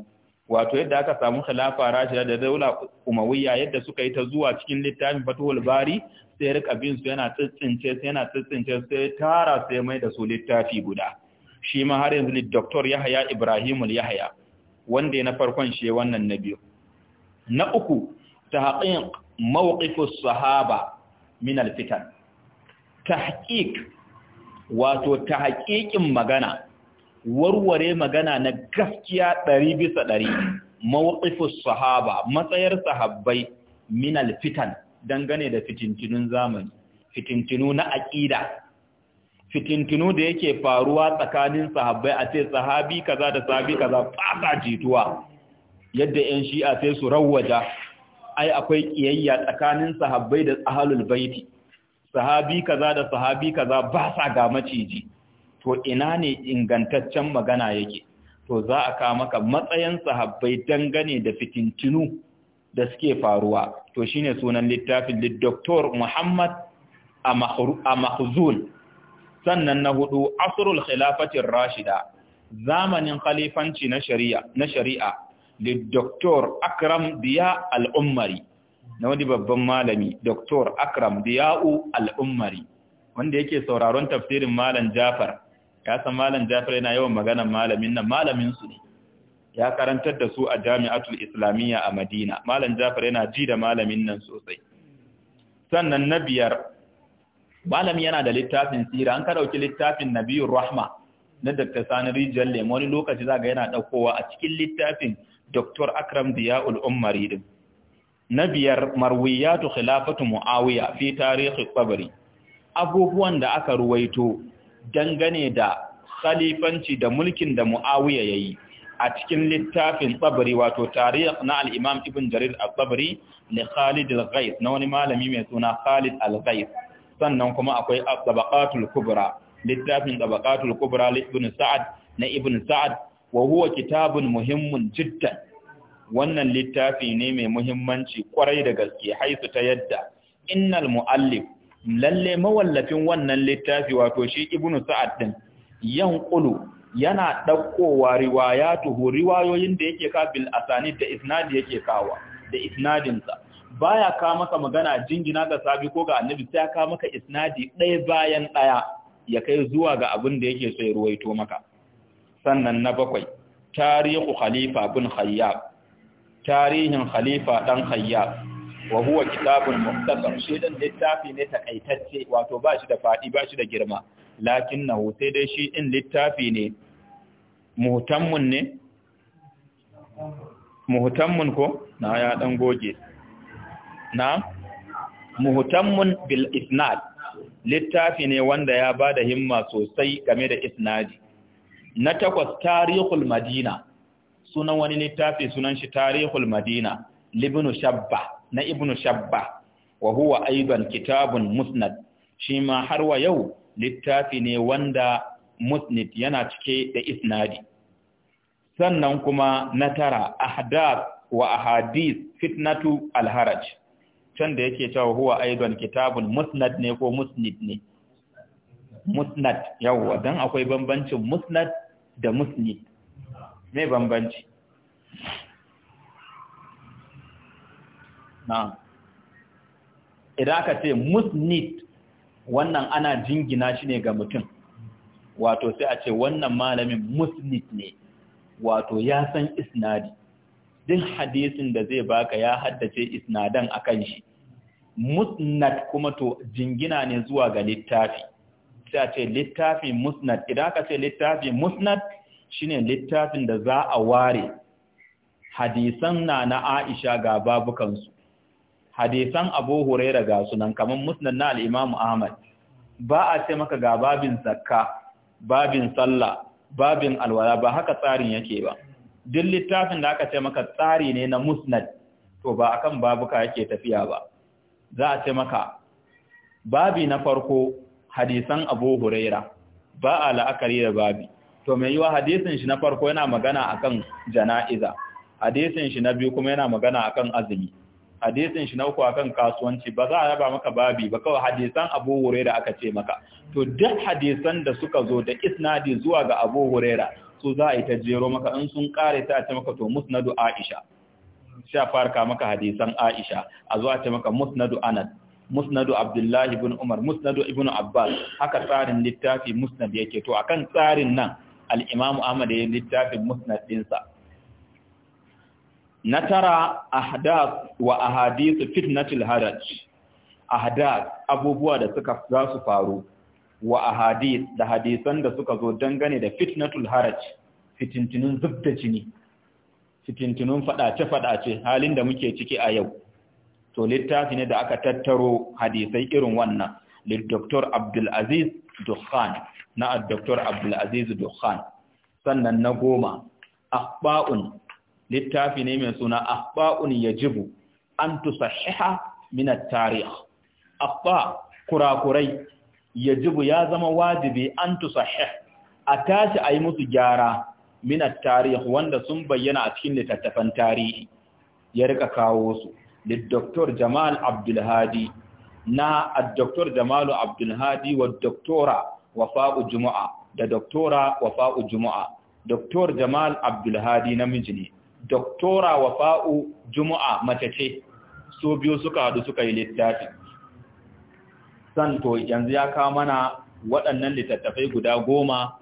wato yadda aka samu khilafa rashida da daula umawiyya yadda suka yi ta zuwa cikin littafin fatuhul bari sai rika bin su yana tsintsince su yana tsintsince su sai tara sai mai da su littafi guda shi ma har yanzu Dr. Yahaya Ibrahimul Yahaya wanda na farkon shi wannan na biyu na uku tahqiq mawqifus sahaba min alfitan tahqiq wato tahqiqin magana warware magana na gaskiya 100 bisa 100 mawqifus sahaba matsayar sahabbai min alfitan dangane da fitintinun zamani fitintinu na aƙida fitintinu da yake faruwa tsakanin sahabbai a ce sahabi kaza da sahabi kaza fasa jituwa yadda 'yan shi'a sai su rawwaja ai akwai ƙiyayya tsakanin sahabbai da ahalul baiti sahabi kaza da sahabi kaza ba sa ga maciji to ina ne ingantaccen magana yake to za a ka maka matsayin sahabbai dangane da fitintinu da suke faruwa to shine sunan littafin Dr. Muhammad a sannan na hudu asrul khilafatir rashida zamanin khalifanci na shari'a na shari'a Dr. Akram Diya Al-Ummari na wani babban malami Dr. Akram Diya'u Al-Ummari wanda yake sauraron tafsirin malam Jafar ya san malam Jafar yana yawan maganan malamin nan malamin ne ya karantar da su a jami'atul islamiyya a madina malam jafar yana ji da malamin nan sosai sannan na biyar malami yana da littafin sira an ka littafin nabiyun rahma na dr sani rijiyar lemo wani lokaci za ga yana ɗaukowa a cikin littafin dr akram diya'ul ummari din na biyar marwiyatu khilafatu muawiya fi tarihi tsabari abubuwan da aka ruwaito dangane da khalifanci da mulkin da muawiya yayi a cikin littafin tsabari wato tarih na al'imam ibn jarir a tsabari khalid al-ghais na wani malami mai suna khalid al-ghais sannan kuma akwai tsabakatul kubra littafin tsabakatul kubra ibn sa'ad na ibn sa'ad wa huwa kitabun muhimmin jiddan wannan littafi ne mai muhimmanci kwarai da gaske haisu ta yadda innal muallif lalle mawallafin wannan littafi wato shi ibn sa'ad din yanqulu yana ɗaukowa riwayatuhu riwayoyin da yake ka bil asani da isnadi yake kawa da isnadinsa baya ka maka magana jingina ga sabi ko ga annabi sai ka maka isnadi ɗaya bayan ɗaya ya kai zuwa ga abin da yake sai ruwaito maka sannan na bakwai tarihu khalifa bin khayyab tarihin khalifa dan khayyab wa huwa kitabun muhtasar shi dan littafi ne takaitacce wato ba shi da fadi ba shi da girma lakinnahu sai dai shi in littafi ne muhtammun ne muhtammun ko na ya dan goge na muhtammun bil isnad littafi ne wanda ya bada himma sosai game da isnadi na takwas tarihul madina sunan wani littafi sunan shi tarihul madina libnu shabba na ibnu shabba wa huwa aidan kitabun musnad shi ma har wa yau littafi ne wanda musnid yana cike da isnadi sannan kuma na tara ahdath wa ahadith fitnatu alharaj can da yake cewa huwa aidan kitabun musnad ne ko musnid ne musnad yawwa dan akwai bambancin musnad da musnid me bambanci na idan aka ce musnid wannan ana jingina shi ne ga mutum wato sai a ce wannan malamin musnid ne wato ya san isnadi duk hadisin da zai baka ya haddace isnadan akan shi musnad kuma to jingina ne zuwa ga littafi sai a ce littafi musnad idan ka ce littafi musnad shine littafin da za a ware hadisan na na Aisha ga babukansu hadisan Abu Huraira ga sunan kaman musnad na al Ahmad ba a ce maka ga babin zakka babin sallah babin alwala ba haka tsarin yake ba duk littafin da aka ce maka tsari ne na musnad to ba akan babuka yake tafiya ba za a ce maka babi na farko hadisan Abu Huraira ba a la'akari da babi to mai yiwa hadisin shi na farko yana magana akan jana'iza hadisin shi na biyu kuma yana magana akan azumi hadisin shi na uku akan kasuwanci ba za a raba maka babi ba kawai hadisan Abu Huraira aka ce maka to duk hadisan da suka zo da isnadi zuwa ga Abu Huraira su za a yi ta jero maka in sun kare ta a ce maka to musnadu Aisha sha farka maka hadisan Aisha a zo a ce maka musnadu Anas musnadu Abdullah ibn Umar musnadu ibn Abbas haka tsarin littafi musnad yake to akan tsarin nan al-Imam Ahmad ya littafin musnad dinsa na tara ahdath wa ahadith fitnatul haraj ahdath abubuwa da suka za su faru wa ahadith da hadisan da suka zo dangane da fitnatul haraj fitintunun zubta jini fitintunun fadace fadace halin da muke ciki a yau to littafi ne da aka tattaro hadisai irin wannan lil doktor Abdul Aziz Dukhan na doktor Abdul Aziz Dukhan sannan na goma akhba'un littafi ne mai suna akhba'un yajibu an tusahiha min at-tarikh akhba kurakurai yajibu ya zama wajibi an tusahih a tashi ayi musu gyara min at-tarikh wanda sun bayyana a cikin littattafan tarihi ya rika kawo su للدكتور جمال عبد na Dr. Jamal جمال عبد الهادي da doktora wafa'u juma'a Dr. jamal abdulhadi namiji ne doktora wa wafa'u juma'a mace ce su biyu suka hadu suka yi littafi san to yanzu ya kawo mana waɗannan littattafai guda goma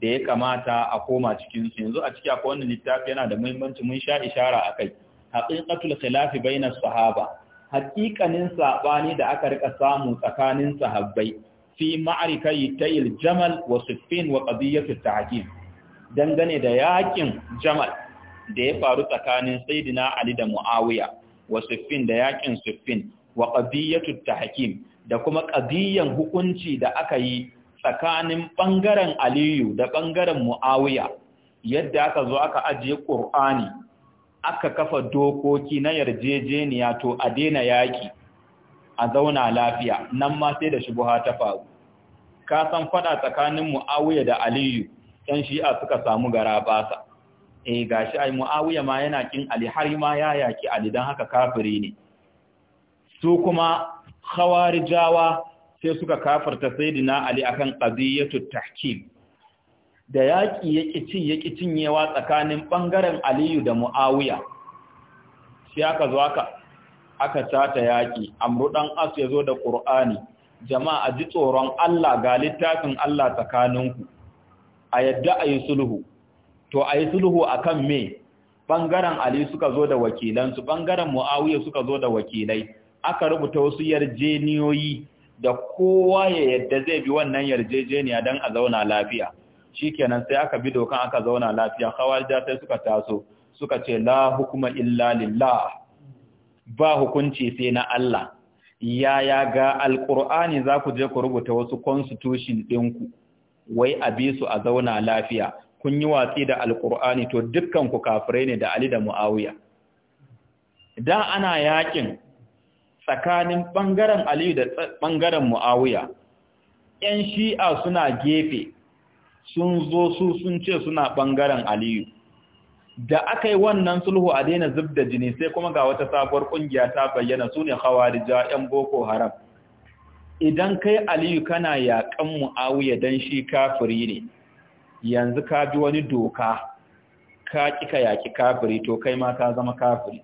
da ya kamata a koma cikinsu yanzu a ciki akwai wannan littafi yana da muhimmanci mun sha ishara a kai haƙiƙatul khilafi baina sahaba haƙiƙanin saɓani da aka rika samu tsakanin sahabbai fi ma'arikai tayil jamal wa siffin wa qadiyatu ta'qib dangane da yaƙin jamal da ya faru tsakanin Saidina Ali da Muawiya wa Siffin da yakin Siffin wa qadiyatu tahkim da kuma qadiyan hukunci da aka yi tsakanin bangaren Aliyu da bangaren Muawiya yadda aka zo aka ajiye Qur'ani aka kafa dokoki na yarjejeniya to a daina yaki a zauna lafiya nan ma sai da shubuha ta faru ka san fada tsakanin Muawiya da Aliyu dan shi'a suka samu garabasa eh gashi ai muawiya ma yana kin ali har ma ya yaki ali dan haka kafiri ne su kuma khawarijawa sai suka kafarta sayyidina ali akan qadiyatu tahkim da yaƙi yaƙi ci cinyewa tsakanin ɓangaren aliyu da mu'awiya sai aka zo aka aka sata yaƙi dan as ya zo da ƙur'ani jama'a ji tsoron allah ga littafin allah tsakaninku a yadda ayi sulhu to a yi sulhu a kan me ɓangaren ali suka zo da wakilansu ɓangaren mu'awiyar suka zo da wakilai aka rubuta wasu yarjeniyoyi da kowa ya yadda zai bi wannan yarjejeniya don a zauna lafiya Shi kenan sai aka bi dokan aka zauna lafiya da sai suka taso suka ce la hukuma illa lillah ba hukunci sai na Allah yaya ga alkur'ani za ku je ku rubuta wasu constitution ɗinku wai a bi su a zauna lafiya kun yi watsi da alkur'ani to dukkan ku kafirai ne da Ali da Muawiya da ana yakin tsakanin ɓangaren Ali da bangaren Muawiya Yan Shi'a suna gefe sun zo su sun ce suna ɓangaren Aliyu da aka yi wannan sulhu a daina zub da jini sai kuma ga wata sabuwar ƙungiya ta bayyana su ne hawarija yan Boko Haram idan kai Aliyu kana yaƙan Muawiya dan shi kafiri ne yanzu ka bi wani doka ka kika yaki kafiri to kai ma ka zama kafiri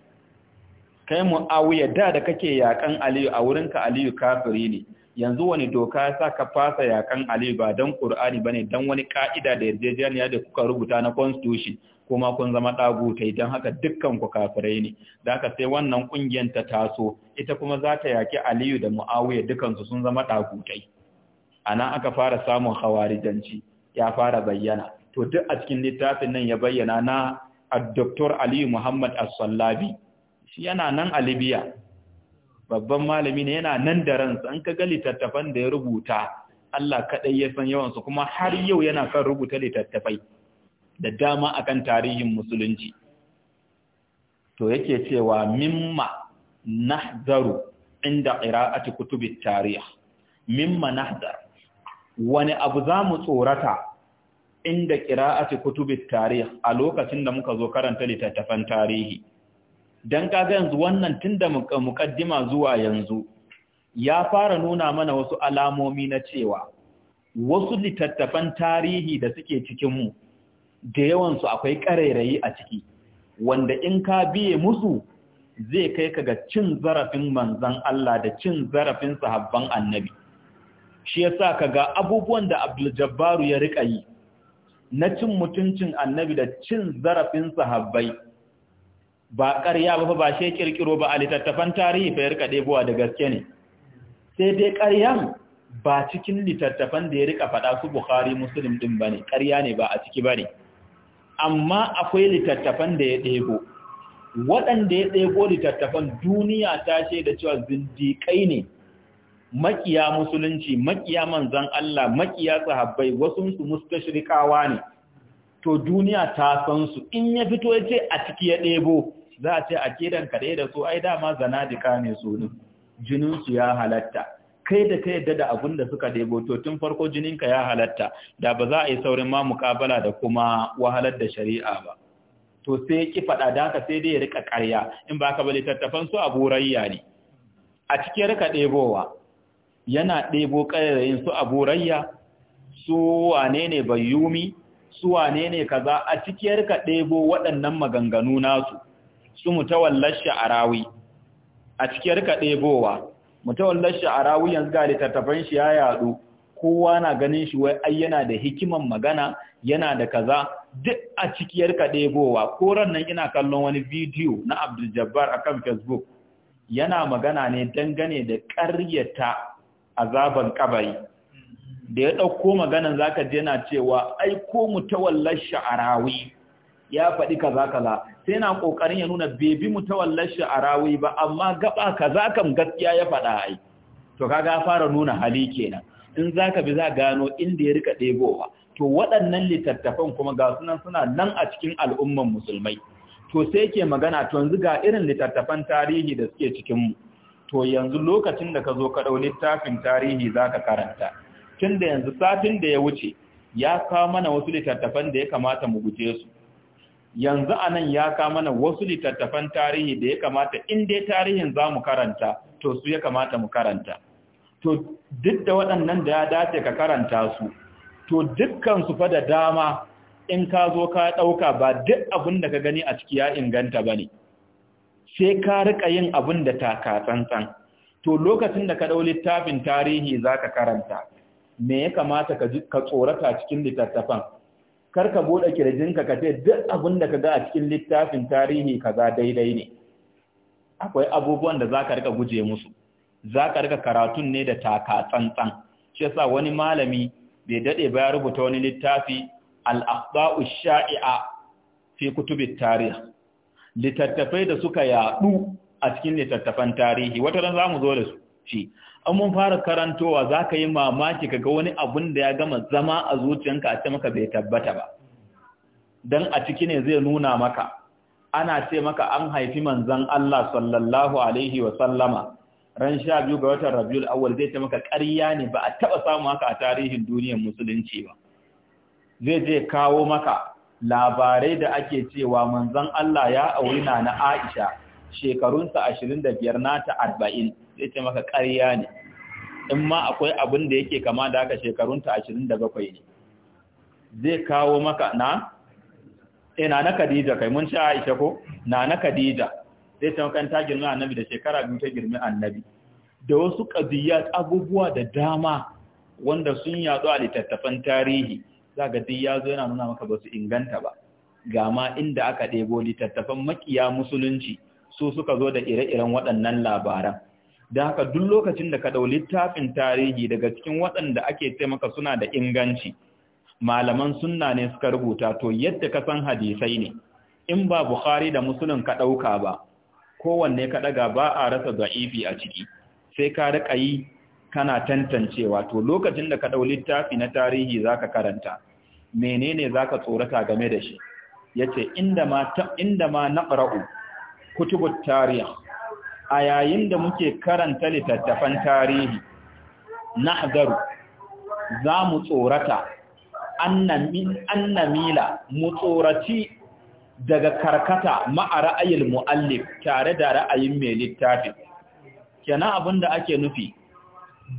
kai mu'awiya da da kake yakan aliyu a wurin ka aliyu kafiri ne yanzu wani doka ya sa ka fasa yakan aliyu ba don ƙur'ani ba ne don wani ka'ida da yarjejeniya da kuka rubuta na constitution kuma kun zama ɗagutai don haka dukkan ku kafirai ne da haka sai wannan ƙungiyar ta taso ita kuma za ta yaki aliyu da mu'awiya dukansu sun zama ɗagutai a nan aka fara samun hawarijanci ya fara bayyana to duk a cikin littafin nan ya bayyana na Dr. Aliyu Muhammad As-Sallabi shi yana nan a Libya babban malami ne yana nan da ransa an ga littattafan da ya rubuta Allah kaɗai ya san yawan kuma har yau yana kan rubuta littattafai da dama akan tarihin musulunci to yake cewa mimma nahdaru inda qira'ati kutubit tarih mimma nahdar wani abu zamu tsorata inda qira'ati kutubi tarih a lokacin da muka zo karanta littattafan tarihi dan kaga yanzu wannan tunda mukaddima zuwa yanzu ya fara nuna mana wasu alamomi na cewa wasu littattafan tarihi da suke cikin mu da yawan su akwai ƙarairayi a ciki wanda in ka biye musu zai kai ka ga cin zarafin manzan Allah da cin zarafin sahabban annabi shi yasa ga abubuwan da Abdul Jabbaru ya riƙa yi na cin mutuncin annabi da cin zarafin sahabbai ba ƙarya ba ba shi kirkiro ba a littattafan tarihi fa Yarka ɗebo ɗebowa da gaske ne sai dai ƙaryan ba cikin litattafan da ya rika faɗa su Bukhari Muslim din bane ƙarya ne ba a ciki bane amma akwai litattafan da ya ɗebo waɗanda ya ɗebo litattafan duniya ta ce da cewa zindiƙai ne makiya musulunci makiya manzan Allah makiya sahabbai wasu su mustashrikawa ne to duniya ta san su in ya fito yace a ciki ya debo? za a ce a kidan kaɗai da su ai dama zanadika ne su ne jininsu ya halatta kai da ka yadda da abun da suka debo to tun farko jinin ka ya halatta da ba za a yi saurin ma mukabala da kuma wahalar da shari'a ba to sai ki faɗa da ka sai dai ya rika ƙarya in ba ka ba tattafan su a rayya ne a cikin rika ɗebowa yana ɗebo ƙarairayin su burayya su wane ne bayyumi su wane ne kaza a cikiyar ka ɗebo waɗannan maganganu nasu su mutawallar sha'arawi a cikiyar ka ɗebowa mutawallar sha'arawi yanzu ga littattafan shi ya yaɗu kowa na ganin shi wai ai yana da hikiman magana yana da kaza duk a cikiyar ka ɗebowa ko nan ina kallon wani bidiyo na Abdul Jabbar akan Facebook yana magana ne dangane da ƙaryata azaban kabari da ya ɗauko maganan zaka je na cewa ai ko mutawallar sha'arawi ya faɗi kaza kaza sai na kokarin ya nuna bebi mutawallar sha'arawi ba amma gaba kaza kam gaskiya ya faɗa ai to kaga fara nuna hali kenan in zaka bi za gano inda ya rika ɗebowa to waɗannan littattafan kuma ga sunan suna nan a cikin al'umman musulmai to sai ke magana to yanzu ga irin littattafan tarihi da suke cikin mu to yanzu lokacin da ka zo ka ɗau littafin tarihi za ka karanta tun da yanzu satin da ya wuce ya kawo mana wasu littattafan da ya kamata mu guje su yanzu anan ya kawo mana wasu littattafan tarihi da ya kamata in dai tarihin za mu karanta to su ya kamata mu karanta to duk da waɗannan da ya dace ka karanta su to dukkan su fa da dama in ka zo ka ɗauka ba duk abin da ka gani a ciki ya inganta ba ne sai ka rika yin abin da ka tsantsan to lokacin da ka ɗau littafin tarihi zaka karanta me ya kamata ka ka tsorata cikin littattafan kar ka bude kirjinka ka ce duk abin da ka ga a cikin littafin tarihi kaza daidai ne akwai abubuwan da zaka rika guje musu zaka rika karatun ne da takatsantsan tsantsan shi yasa wani malami bai dade ba ya rubuta wani littafi al aqbau shai'a fi kutubit tarihi. littattafai da suka yaɗu a cikin littattafan tarihi wata ran za mu zo da su shi an mun fara karantowa za ka yi mamaki ka ga wani abun da ya gama zama a zuciyanka a ce maka bai tabbata ba dan a ciki ne zai nuna maka ana ce maka an haifi manzan Allah sallallahu alaihi wa sallama ran sha biyu ga watan rabiul awwal zai ce maka ƙarya ne ba a taba samu haka a tarihin duniyar musulunci ba zai je kawo maka labarai da ake cewa manzon Allah ya auri na na Aisha shekarunsa 25 ta 40 zai ce maka ƙarya ne in ma akwai abin da yake kama da haka shekarunta 27 ne zai kawo maka na e eh, na na Khadija kai mun sha Aisha ko na na Khadija zai ce maka ta girma annabi da shekara biyu ta girma annabi da wasu qadiyat abubuwa da dama wanda sun yatsu a littattafan tarihi za ga duk ya zo yana nuna maka ba su inganta ba ga ma inda aka ɗebo littattafan makiya musulunci su suka zo da ire-iren waɗannan labaran da haka duk lokacin da ka ɗau littafin tarihi daga cikin waɗanda ake taimaka suna da inganci malaman sunna ne suka rubuta to yadda ka san hadisai ne in ba bukhari da musulun ka ɗauka ba kowanne ka ɗaga ba a rasa za'ifi a ciki sai ka riƙa yi kana tantancewa to lokacin da ka ɗau littafi na tarihi za ka karanta menene zaka tsorata game da shi yace inda ma inda ma naqra'u kutubut tariya. a yayin da muke karanta littattafan tarihi nahdaru za mu tsorata annamila mu tsorati daga karkata ma'a ra'ayin mu'allif tare da ra'ayin mai littafin Kena abin da ake nufi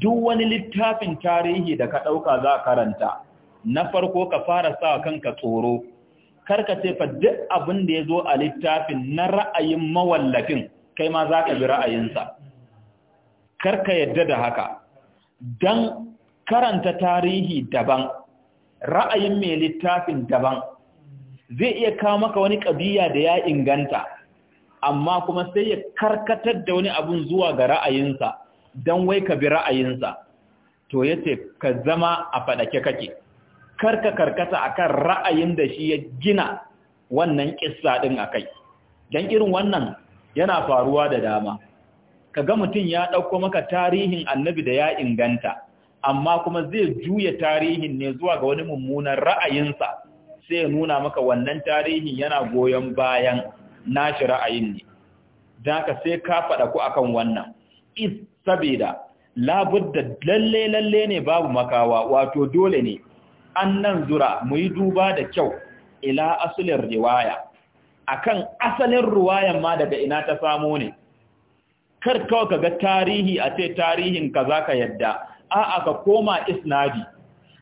duk wani littafin tarihi da ka ɗauka za karanta na farko ka fara sa kanka tsoro karka ce fa duk abin da ya zo a littafin na ra'ayin mawallafin kai ma za ka bi ra'ayinsa ka yadda da haka dan karanta tarihi daban ra'ayin mai littafin daban zai iya kawo maka wani ƙabiya da ya inganta amma kuma sai ya karkatar da wani abun zuwa ga ra'ayinsa don wai ka bi ra'ayinsa to yace ka zama a faɗake kake karka karkata akan ra'ayin da shi ya gina wannan kissa din akai dan irin wannan yana faruwa da dama kaga mutum ya dauko maka tarihin annabi da ya inganta amma kuma zai juya tarihin ne zuwa ga wani mummunan ra'ayinsa sai ya nuna maka wannan tarihin yana goyon bayan nashi ra'ayin ne don sai ka faɗa ku akan wannan is saboda labudda lalle lalle ne babu makawa wato dole ne an nan zura mu yi duba da kyau ila asalin riwaya akan asalin ruwayan ma daga ina ta samo ne kar kawai ka ga tarihi a ce tarihin ka za ka yadda a'a ka koma isnadi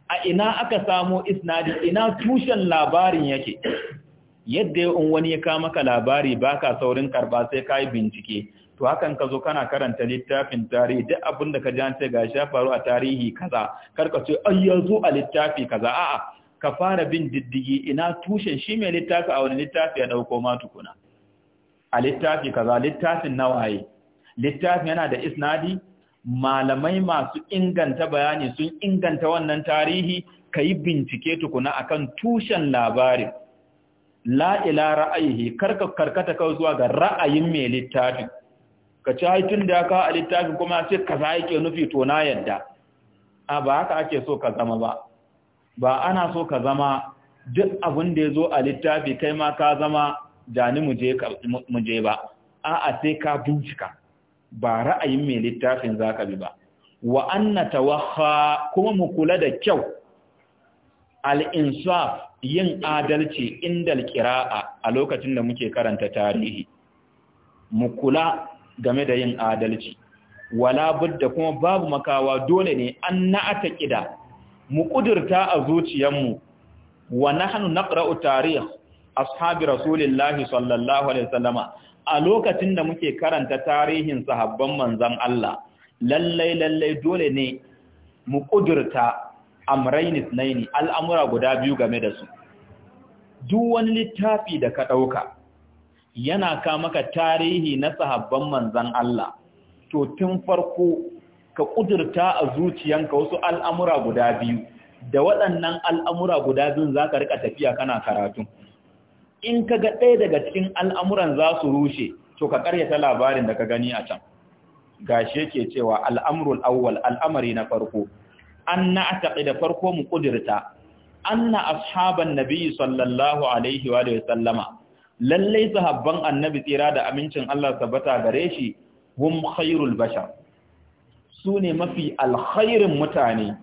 a ina aka samo isnadi ina tushen labarin yake yadda in wani ya kama ka labari baka saurin karba sai ka yi bincike to hakan ka zo kana karanta littafin tarihi duk abin da ka ji an ce ga ya faru a tarihi kaza kar ka ce ai ya a littafi kaza a'a ka fara bin diddigi ina tushen shi mai littafi a wani littafi ya dauko ma tukuna a littafi kaza littafin nawaye littafi yana da isnadi malamai masu inganta bayani sun inganta wannan tarihi ka yi bincike tukuna akan tushen labarin la'ila ra'ayi karka karkata kawai zuwa ga ra'ayin mai littafin ka ci haitun da ka a littafin kuma ce ka za yake nufi to na yadda a ba haka ake so ka zama ba ba ana so ka zama duk abin da ya zo a littafi kai ma ka zama jani muje ba a'a sai ka bincika ba ra'ayin mai littafin za ka bi ba wa anna tawakha kuma mu kula da kyau al-insaf yin adalci inda al a lokacin da muke karanta tarihi mu kula game da yin adalci wala budda kuma babu makawa dole ne an na'ata kida mu kudurta a zuciyarmu wa nahnu naqra'u tarih ashabi rasulillahi sallallahu alaihi wasallama a lokacin da muke karanta tarihin sahabban manzan Allah lallai lallai dole ne mu kudurta amrayn naini al'amura guda biyu game da su duk wani littafi da ka dauka yana ka maka tarihi na sahabban manzan Allah to tun farko ka kudurta a zuciyanka wasu al'amura guda biyu da waɗannan al'amura guda biyun za ka rika tafiya kana karatu in ka ga ɗaya daga cikin al'amuran za su rushe to ka karyata labarin da ka gani a can gashe ke cewa al'amurul awwal al'amari na farko an na taƙi da farko mu kudurta an na ashaban nabi sallallahu alaihi wa sallama lallai sahabban annabi tsira da amincin Allah tabbata gare shi hum khairul bashar su ne mafi alkhairin mutane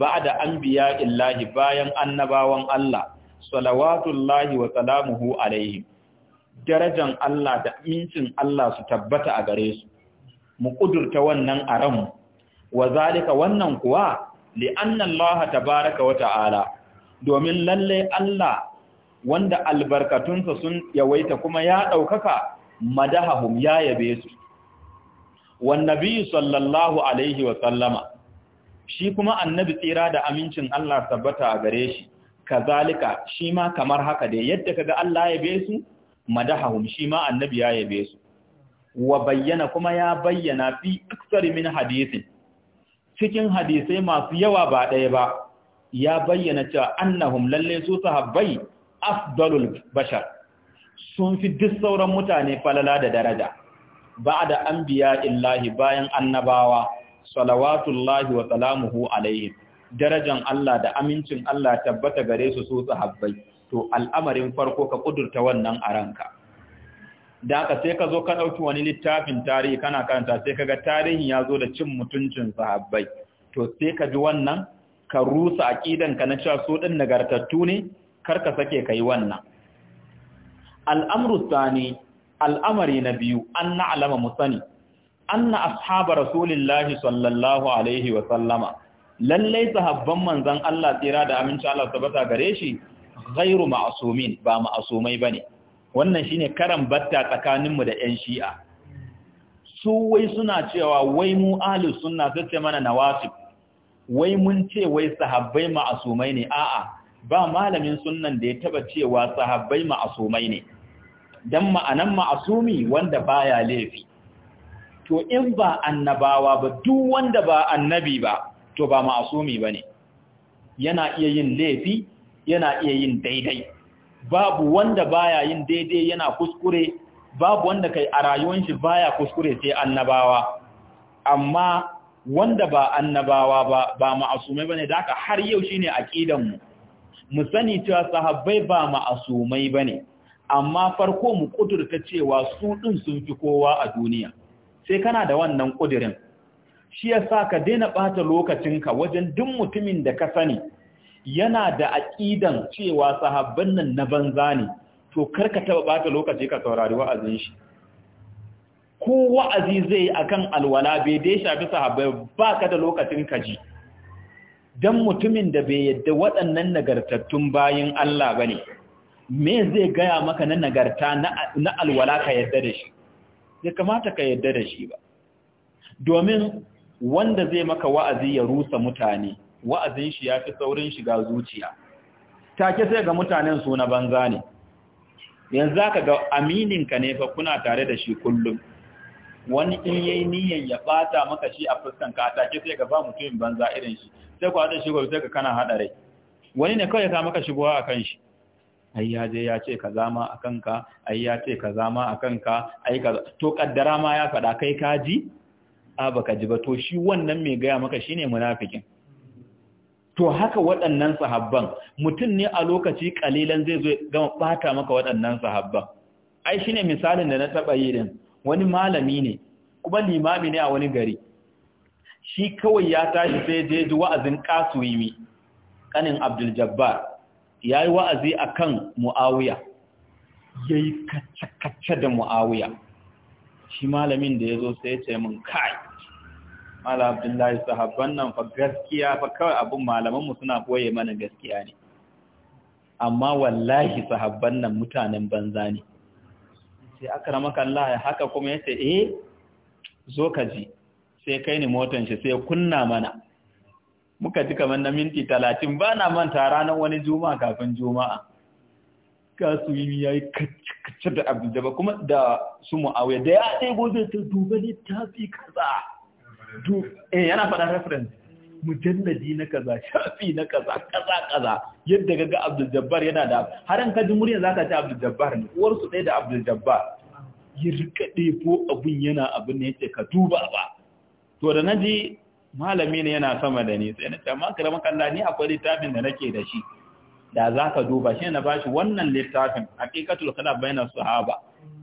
ba da an biya illahi bayan annabawan Allah salawatullahi wa salamuhu alaihim darajan Allah da amincin Allah su tabbata a gare su mu kudurta wannan aran wa zalika wannan kuwa li anna Allah tabaraka wa ta'ala domin lalle Allah wanda albarkatunsa sun yawaita kuma ya ɗaukaka madahahum ya yabe su wannabi sallallahu alaihi wa sallama shi kuma annabi tsira da amincin Allah sabbata a gare shi kazalika shi ma kamar haka dai yadda ga Allah ya yabe su madahahum shi ma annabi ya yabe su wa bayyana kuma ya bayyana fi aksari min hadisin cikin hadisai masu yawa ba ɗaya ba ya bayyana cewa annahum lalle su sahabbai afdalul bashar sun fi duk sauran mutane falala da daraja ba da an illahi bayan annabawa salawatullahi wa salamuhu alaihim darajan Allah da amincin Allah tabbata gare su su sahabbai to al'amarin farko ka kudurta wannan a ranka da aka sai ka zo ka ɗauki wani littafin tarihi kana karanta sai kaga tarihin ya zo da cin mutuncin sahabbai to sai ka ji wannan ka rusa aqidanka na cewa su din nagartattu ne Kar ka sake ka yi wannan al'amru Sani al'amari na biyu an na'alama mu sani anna ashaba rasulillahi sallallahu alaihi wa sallama lallai sahabban manzon Allah tsira da aminci Allah bata gare shi ghairu ma'sumin ba ma'sumai ne. wannan shine karan batta tsakaninmu da 'yan shi'a su wai suna cewa wai mu ahlus sunna sace mana nawasib wai mun ce wai sahabbai ma'sumai ne a'a ba malamin sunnan da ya taba cewa sahabbai ma'asumai ne dan ma'anan ma'asumi wanda baya laifi to in ba annabawa ba duk wanda ba annabi ba to ba ma'asumi bane yana iya yin laifi yana iya yin daidai babu wanda baya yin daidai yana kuskure babu wanda kai a rayuwar shi baya kuskure sai annabawa amma wanda ba annabawa ba ba ma'asumai bane da haka har yau shine a mu mu sani cewa sahabbai ba ma'asumai ne, amma farko mu kudurta cewa su ɗin sun fi kowa a duniya sai kana da wannan ƙudirin. shi yasa ka daina bata lokacinka wajen duk mutumin da ka sani yana da aƙidan cewa sahabban nan na banza ne to karka taba bata lokaci ka saurari wa'azin shi ko wa'azi zai akan alwala bai dai shafi sahabbai ba ka da lokacin ka ji don mutumin da bai yadda waɗannan nagartattun bayan Allah ba ne, me zai gaya maka na nagarta na alwala ka yadda da shi, zai kamata ka yadda da shi ba. Domin wanda zai maka wa'azi ya rusa mutane, wa'azin shi ya fi saurin shiga zuciya. Ta ke sai ga mutanen su na banza ne, yanzu za ka ga amininka ne fa kuna tare da shi kullum. wani in yayi niyyar ya ɓata maka shi a fuskan a take sai ga ba mutumin banza irin shi sai ku haɗa shigo sai ka kana haɗa rai wani ne kawai ka maka shigowa a kan shi ai ya je ya ce ka zama a kanka ai ya ce ka zama a kanka ai ka to kaddara ma ya faɗa kai ka ji a baka ji ba to shi wannan mai gaya maka shine munafikin to haka waɗannan sahabban mutum ne a lokaci kalilan zai zo gama bata maka waɗannan sahabban ai shine misalin da na taɓa yi din wani malami ne kuma limami ne a wani gari shi kawai ya tashi sai je ji wa'azin kasuwimi kanin abdul jabbar ya yi wa'azi a kan mu'awiya ya yi kacce da mu'awiya shi malamin da ya zo sai ya ce min kai mala abdullahi sahabban nan fa gaskiya fa kawai abin malamanmu suna koye mana gaskiya ne amma wallahi sahabban nan mutanen banza ne sai aka ramaka Allah haka kuma ya ce eh zo ka ji sai kai ni motan shi sai kunna mana muka ji kamar na minti talatin ba na manta ranar wani juma'a kafin juma'a kasuwimi ya yi kacce da ba kuma da su mu'awiyar da ya ɗai gobe ta duba fi kaza eh yana faɗa reference mujalladi na kaza shafi na kaza kaza kaza yadda ga abdul jabbar yana da haran ka ji murya zaka ta abdul jabbar ne uwar su ɗaya da abdul jabbar ya rika ko abun yana abin ne yake ka duba ba to da naji malami ne yana sama da ni sai na ce amma karamin kalla ni akwai littafin da nake da shi da za ka duba shi na bashi wannan littafin haqiqatul kana baina sahaba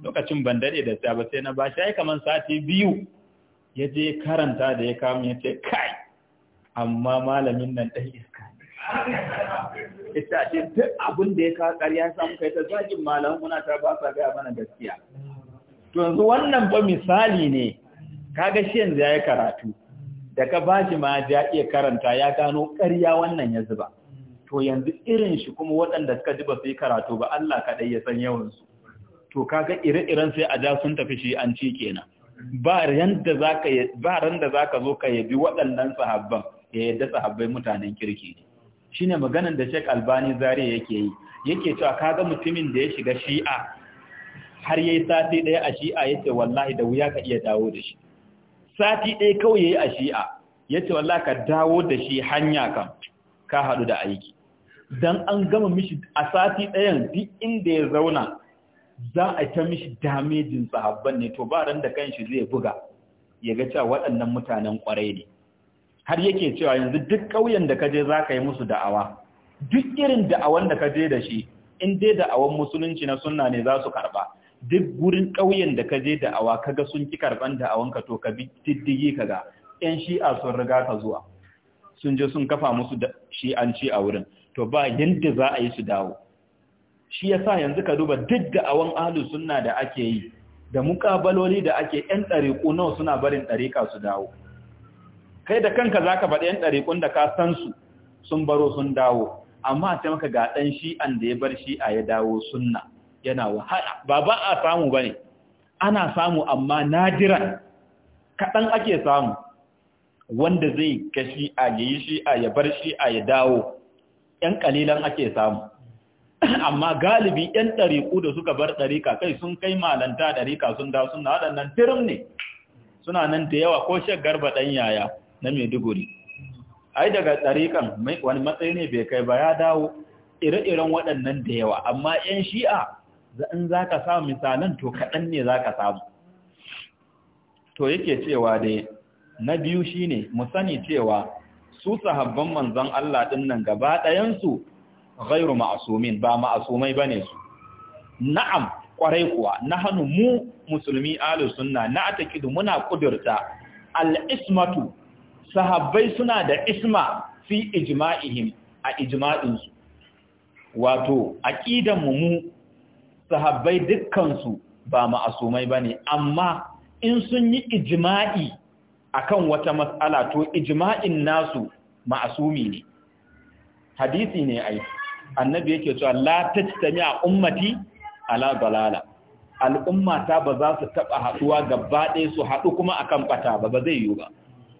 lokacin ban dade da sai ba sai na bashi ai kaman sati biyu ya je karanta da ya kama ya ce kai amma malamin nan ɗan iska ita <laughs> ce duk abin da ya kawo ƙarya samu kai ta zagin malamin muna ta ba sa gaya mana gaskiya to yanzu wannan ba misali ne kaga shi yanzu yayi karatu da ka bashi ma ya iya karanta ya gano ƙarya wannan ya zuba to yanzu irin shi kuma waɗanda suka ji ba su yi karatu ba Allah kaɗai ya san su to kaga ire-iren sai a ja sun tafi shi an ci kenan ba ran da za ka zo ka yabi waɗannan sahabban ya yadda sahabbai mutanen kirki ne shi ne maganan da Sheikh albani Zari yake yi yake cewa kaga mutumin da ya shiga shi'a har yayi yi sati daya a shi'a ya wallahi da wuya ka iya dawo da shi sati ɗaya kawai ya yi a shi'a ce wallah ka dawo da shi hanya kan, ka haɗu da aiki Don an gama mishi a sati ɗayan duk inda ya zauna za a ta mishi damejin sahabban ne to ba ran da kanshi zai buga ya ga cewa waɗannan mutanen ƙwarai ne har yake cewa yanzu duk ƙauyen da ka je za ka yi musu da'awa duk irin da'awan da ka je da shi in dai da'awan musulunci na sunna ne za su karɓa duk gurin ƙauyen da ka je da awa kaga sun ki karban da awanka to ka bi diddigi kaga ƴan shi'a sun riga ka zuwa sun je sun kafa musu da shi'anci a wurin to ba yadda za a yi su dawo shi yasa yanzu ka duba duk da awan ahlus sunna da ake yi da mukabaloli da ake ƴan ɗariƙu nawa suna barin ɗariƙa su dawo kai da kanka za ka faɗi ƴan ɗariƙun da ka san su sun baro sun dawo amma a ga ɗan shi'an da ya bar shi'a ya dawo sunna yana wahala ba ba a samu ba ne ana samu amma nadira kaɗan ake samu wanda zai kashi a ya yi a ya bar shi a ya dawo ‘yan kalilan ake samu <clears throat> amma galibi ‘yan ɗariku da suka bar ɗarika kai sun kai malanta ɗarika sun da suna waɗannan tirin ne suna nan da yawa ko shek garba ɗan yaya na maiduguri ai daga ɗarikan wani matsayi ne bai kai ba ya dawo ire-iren waɗannan da yawa amma ‘yan shi'a in za ka samu misalan to kaɗan ne za ka samu to yake cewa dai na biyu shine mu sani cewa su sahabban manzon Allah ɗin nan gaba ɗayansu gairu ma'asumin ba ma'asumai bane su na'am ƙwarai kuwa na hanu mu musulmi alu sunna na atakidu muna ƙudurta al'ismatu. sahabbai suna da isma fi ijma'ihim a ijma'insu wato aqidan mu sahabbai dukkansu ba ma'asumai ba ne amma in sun yi ijima'i akan wata matsala to ijima'in nasu ma'asumi ne hadisi ne ai annabi yake cewa la a ummati ala al'umma ta ba za su taba haduwa gaba ɗaya su haɗu kuma akan ɓata ba ba zai yiwu ba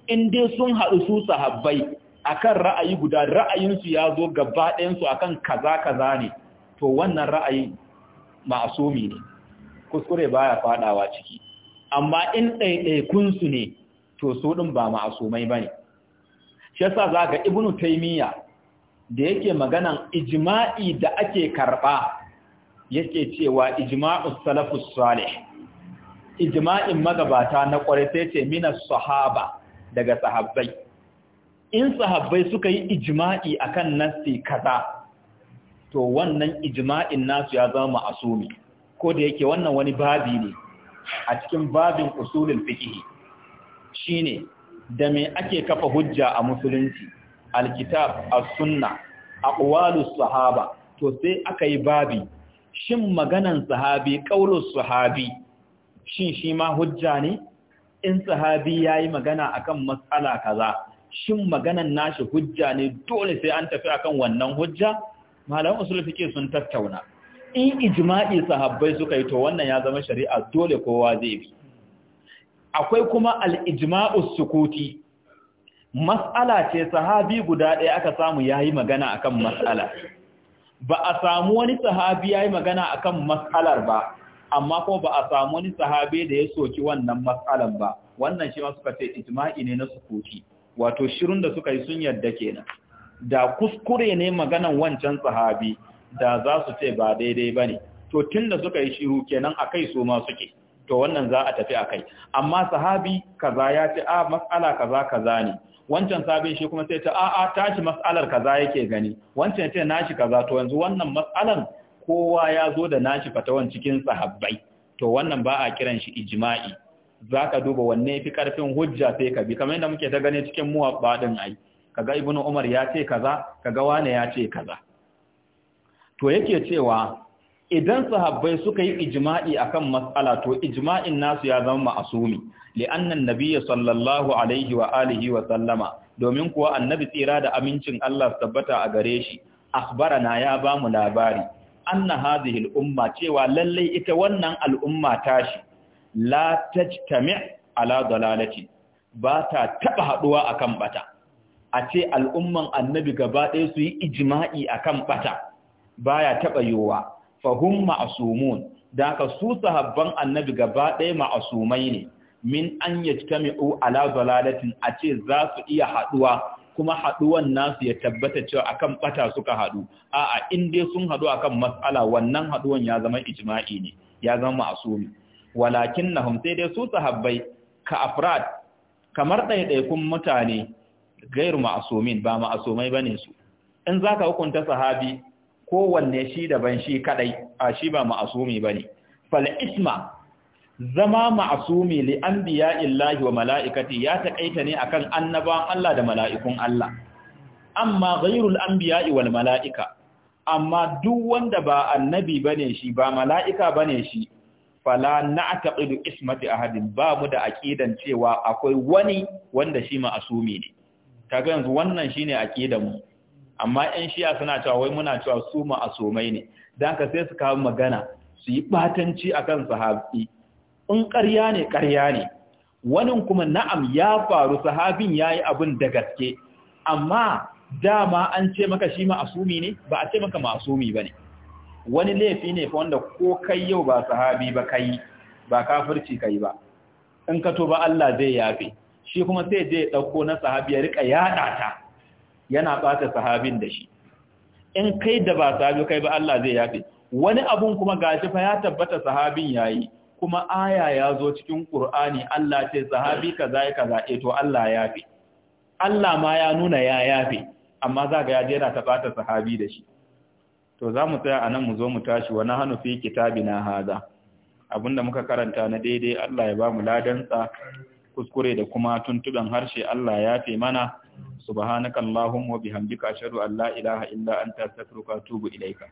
in dai sun haɗu su sahabbai akan ra'ayi guda ra'ayinsu ya zo gaba ɗayansu akan kaza kaza ne to wannan ra'ayi ma'asumi ne kuskure baya fadawa ciki amma in ɗaiɗaikunsu su ne to su ɗin ba ma'asumai bane shi yasa zaka ibnu taymiya da yake maganan ijma'i da ake karba yake cewa ijma'us salafus salih ijma'in magabata na kware sai ce minas sahaba daga sahabbai in sahabbai suka yi ijma'i akan nasti kaza to wannan ijma'in nasu ya zama asumi, ko da yake wannan wani babi ne a cikin babin usulul fiqh shine da me ake kafa hujja a musulunci alkitab as-sunna aqwalus sahaba to sai aka yi babi shin maganan sahabi qaulus sahabi shin shi ma hujja ne in sahabi yayi magana akan matsala kaza shin maganan nashi hujja ne dole sai an tafi akan wannan hujja malaman usul sun tattauna in ijma'i sahabbai suka yi to wannan ya zama shari'a dole kowa zai bi akwai kuma al ijma'u sukuti mas'ala ce sahabi guda ɗaya aka samu yayi magana akan mas'ala ba a samu wani sahabi yayi magana akan mas'alar ba amma kuma ba a samu wani sahabi da ya soki wannan mas'alan ba wannan shi ma suka ce ijma'i ne na sukuti wato shirun da suka yi sun yarda kenan da kuskure ne maganan wancan sahabi da za su ce ba daidai ba ne to tun da suka yi shiru kenan a kai su ma suke to wannan za a tafi a kai amma sahabi kaza ya ce a matsala kaza kaza ne wancan sabin shi kuma sai ta a a tashi matsalar kaza yake gani wancan ce nashi kaza to yanzu wannan matsalar kowa ya zo da nashi fatawan cikin sahabbai to wannan ba a kiran shi Za ka duba wanne fi karfin hujja sai ka bi kamar yadda muke ta gani cikin ba ɗin ai kaga Ibn umar ya ce kaza kaga wane ya ce kaza to yake cewa idan sahabbai suka yi ijma'i akan mas'ala to ijma'in nasu ya zama ma'asumi li'annan nabiyyi sallallahu alaihi wa alihi wa sallama domin kuwa annabi tsira da amincin Allah tabbata a gare shi akhbarana ya ba mu labari anna hadhihi al-umma cewa lalle ita wannan al'umma tashi la tajtami' ala dalalati ba ta taba haduwa akan bata a ce al'umman annabi gaba ɗaya su yi ijima'i a kan ɓata ba ya taɓa yiwuwa fahun ma'asumun da ka su sahabban annabi gaba ɗaya ma'asumai ne min an yi tami'u ala zalalatin a ce za su iya haɗuwa kuma haɗuwan nasu ya tabbata cewa a kan ɓata suka haɗu a'a in dai sun haɗu a kan matsala wannan haɗuwan ya zama ijima'i ne ya zama ma'asumi walakin sai dai su sahabbai ka afrad kamar ɗaiɗaikun mutane gairu ma'asumin ba ma'asumai bane su in zaka hukunta sahabi kowanne shi daban shi kadai a shi ba ma'asumi ba fal isma zama ma'asumi li anbiya illahi wa mala'ikati ya takaita ne akan annabawan Allah da mala'ikun Allah amma an anbiya wal mala'ika amma duk wanda ba annabi bane shi ba mala'ika bane shi fala na na'taqidu ismati ahadin ba mu da aqidan cewa akwai wani wanda shi ma'asumi ne kaga yanzu wannan shine aqidar mu amma 'yan shi'a suna cewa wai muna cewa su ma asomai ne dan ka sai su kawo magana su yi batanci akan sahabi in ƙarya ne ƙarya ne wani kuma na'am ya faru sahabin yayi abin da gaske amma dama an ce maka shi ma ma'asumi ne ba a ce maka ma'asumi bane wani laifi ne fa wanda ko kai yau ba sahabi ba kai ba kafirci kai ba in ka to ba Allah zai yafe shi kuma sai je ya ɗauko na sahabi ya rika yaɗa ta yana ɓata sahabin da shi in kai da ba sahabi kai ba Allah zai yafe wani abun kuma gashi fa ya tabbata sahabin yayi kuma aya ya zo cikin Qur'ani Allah ce sahabi kaza kaza eh to Allah ya yafe Allah ma ya nuna ya yafe amma za ga ya daina ta ɓata sahabi da shi to za mu tsaya a nan mu zo mu tashi wani hannu fi na haza abinda muka karanta na daidai Allah ya ba mu ladansa kuskure da kuma tuntuban harshe Allah ya fi mana subhanakallahumma wa bihamdika ashhadu an la ilaha illa anta astaghfiruka wa atubu ilaika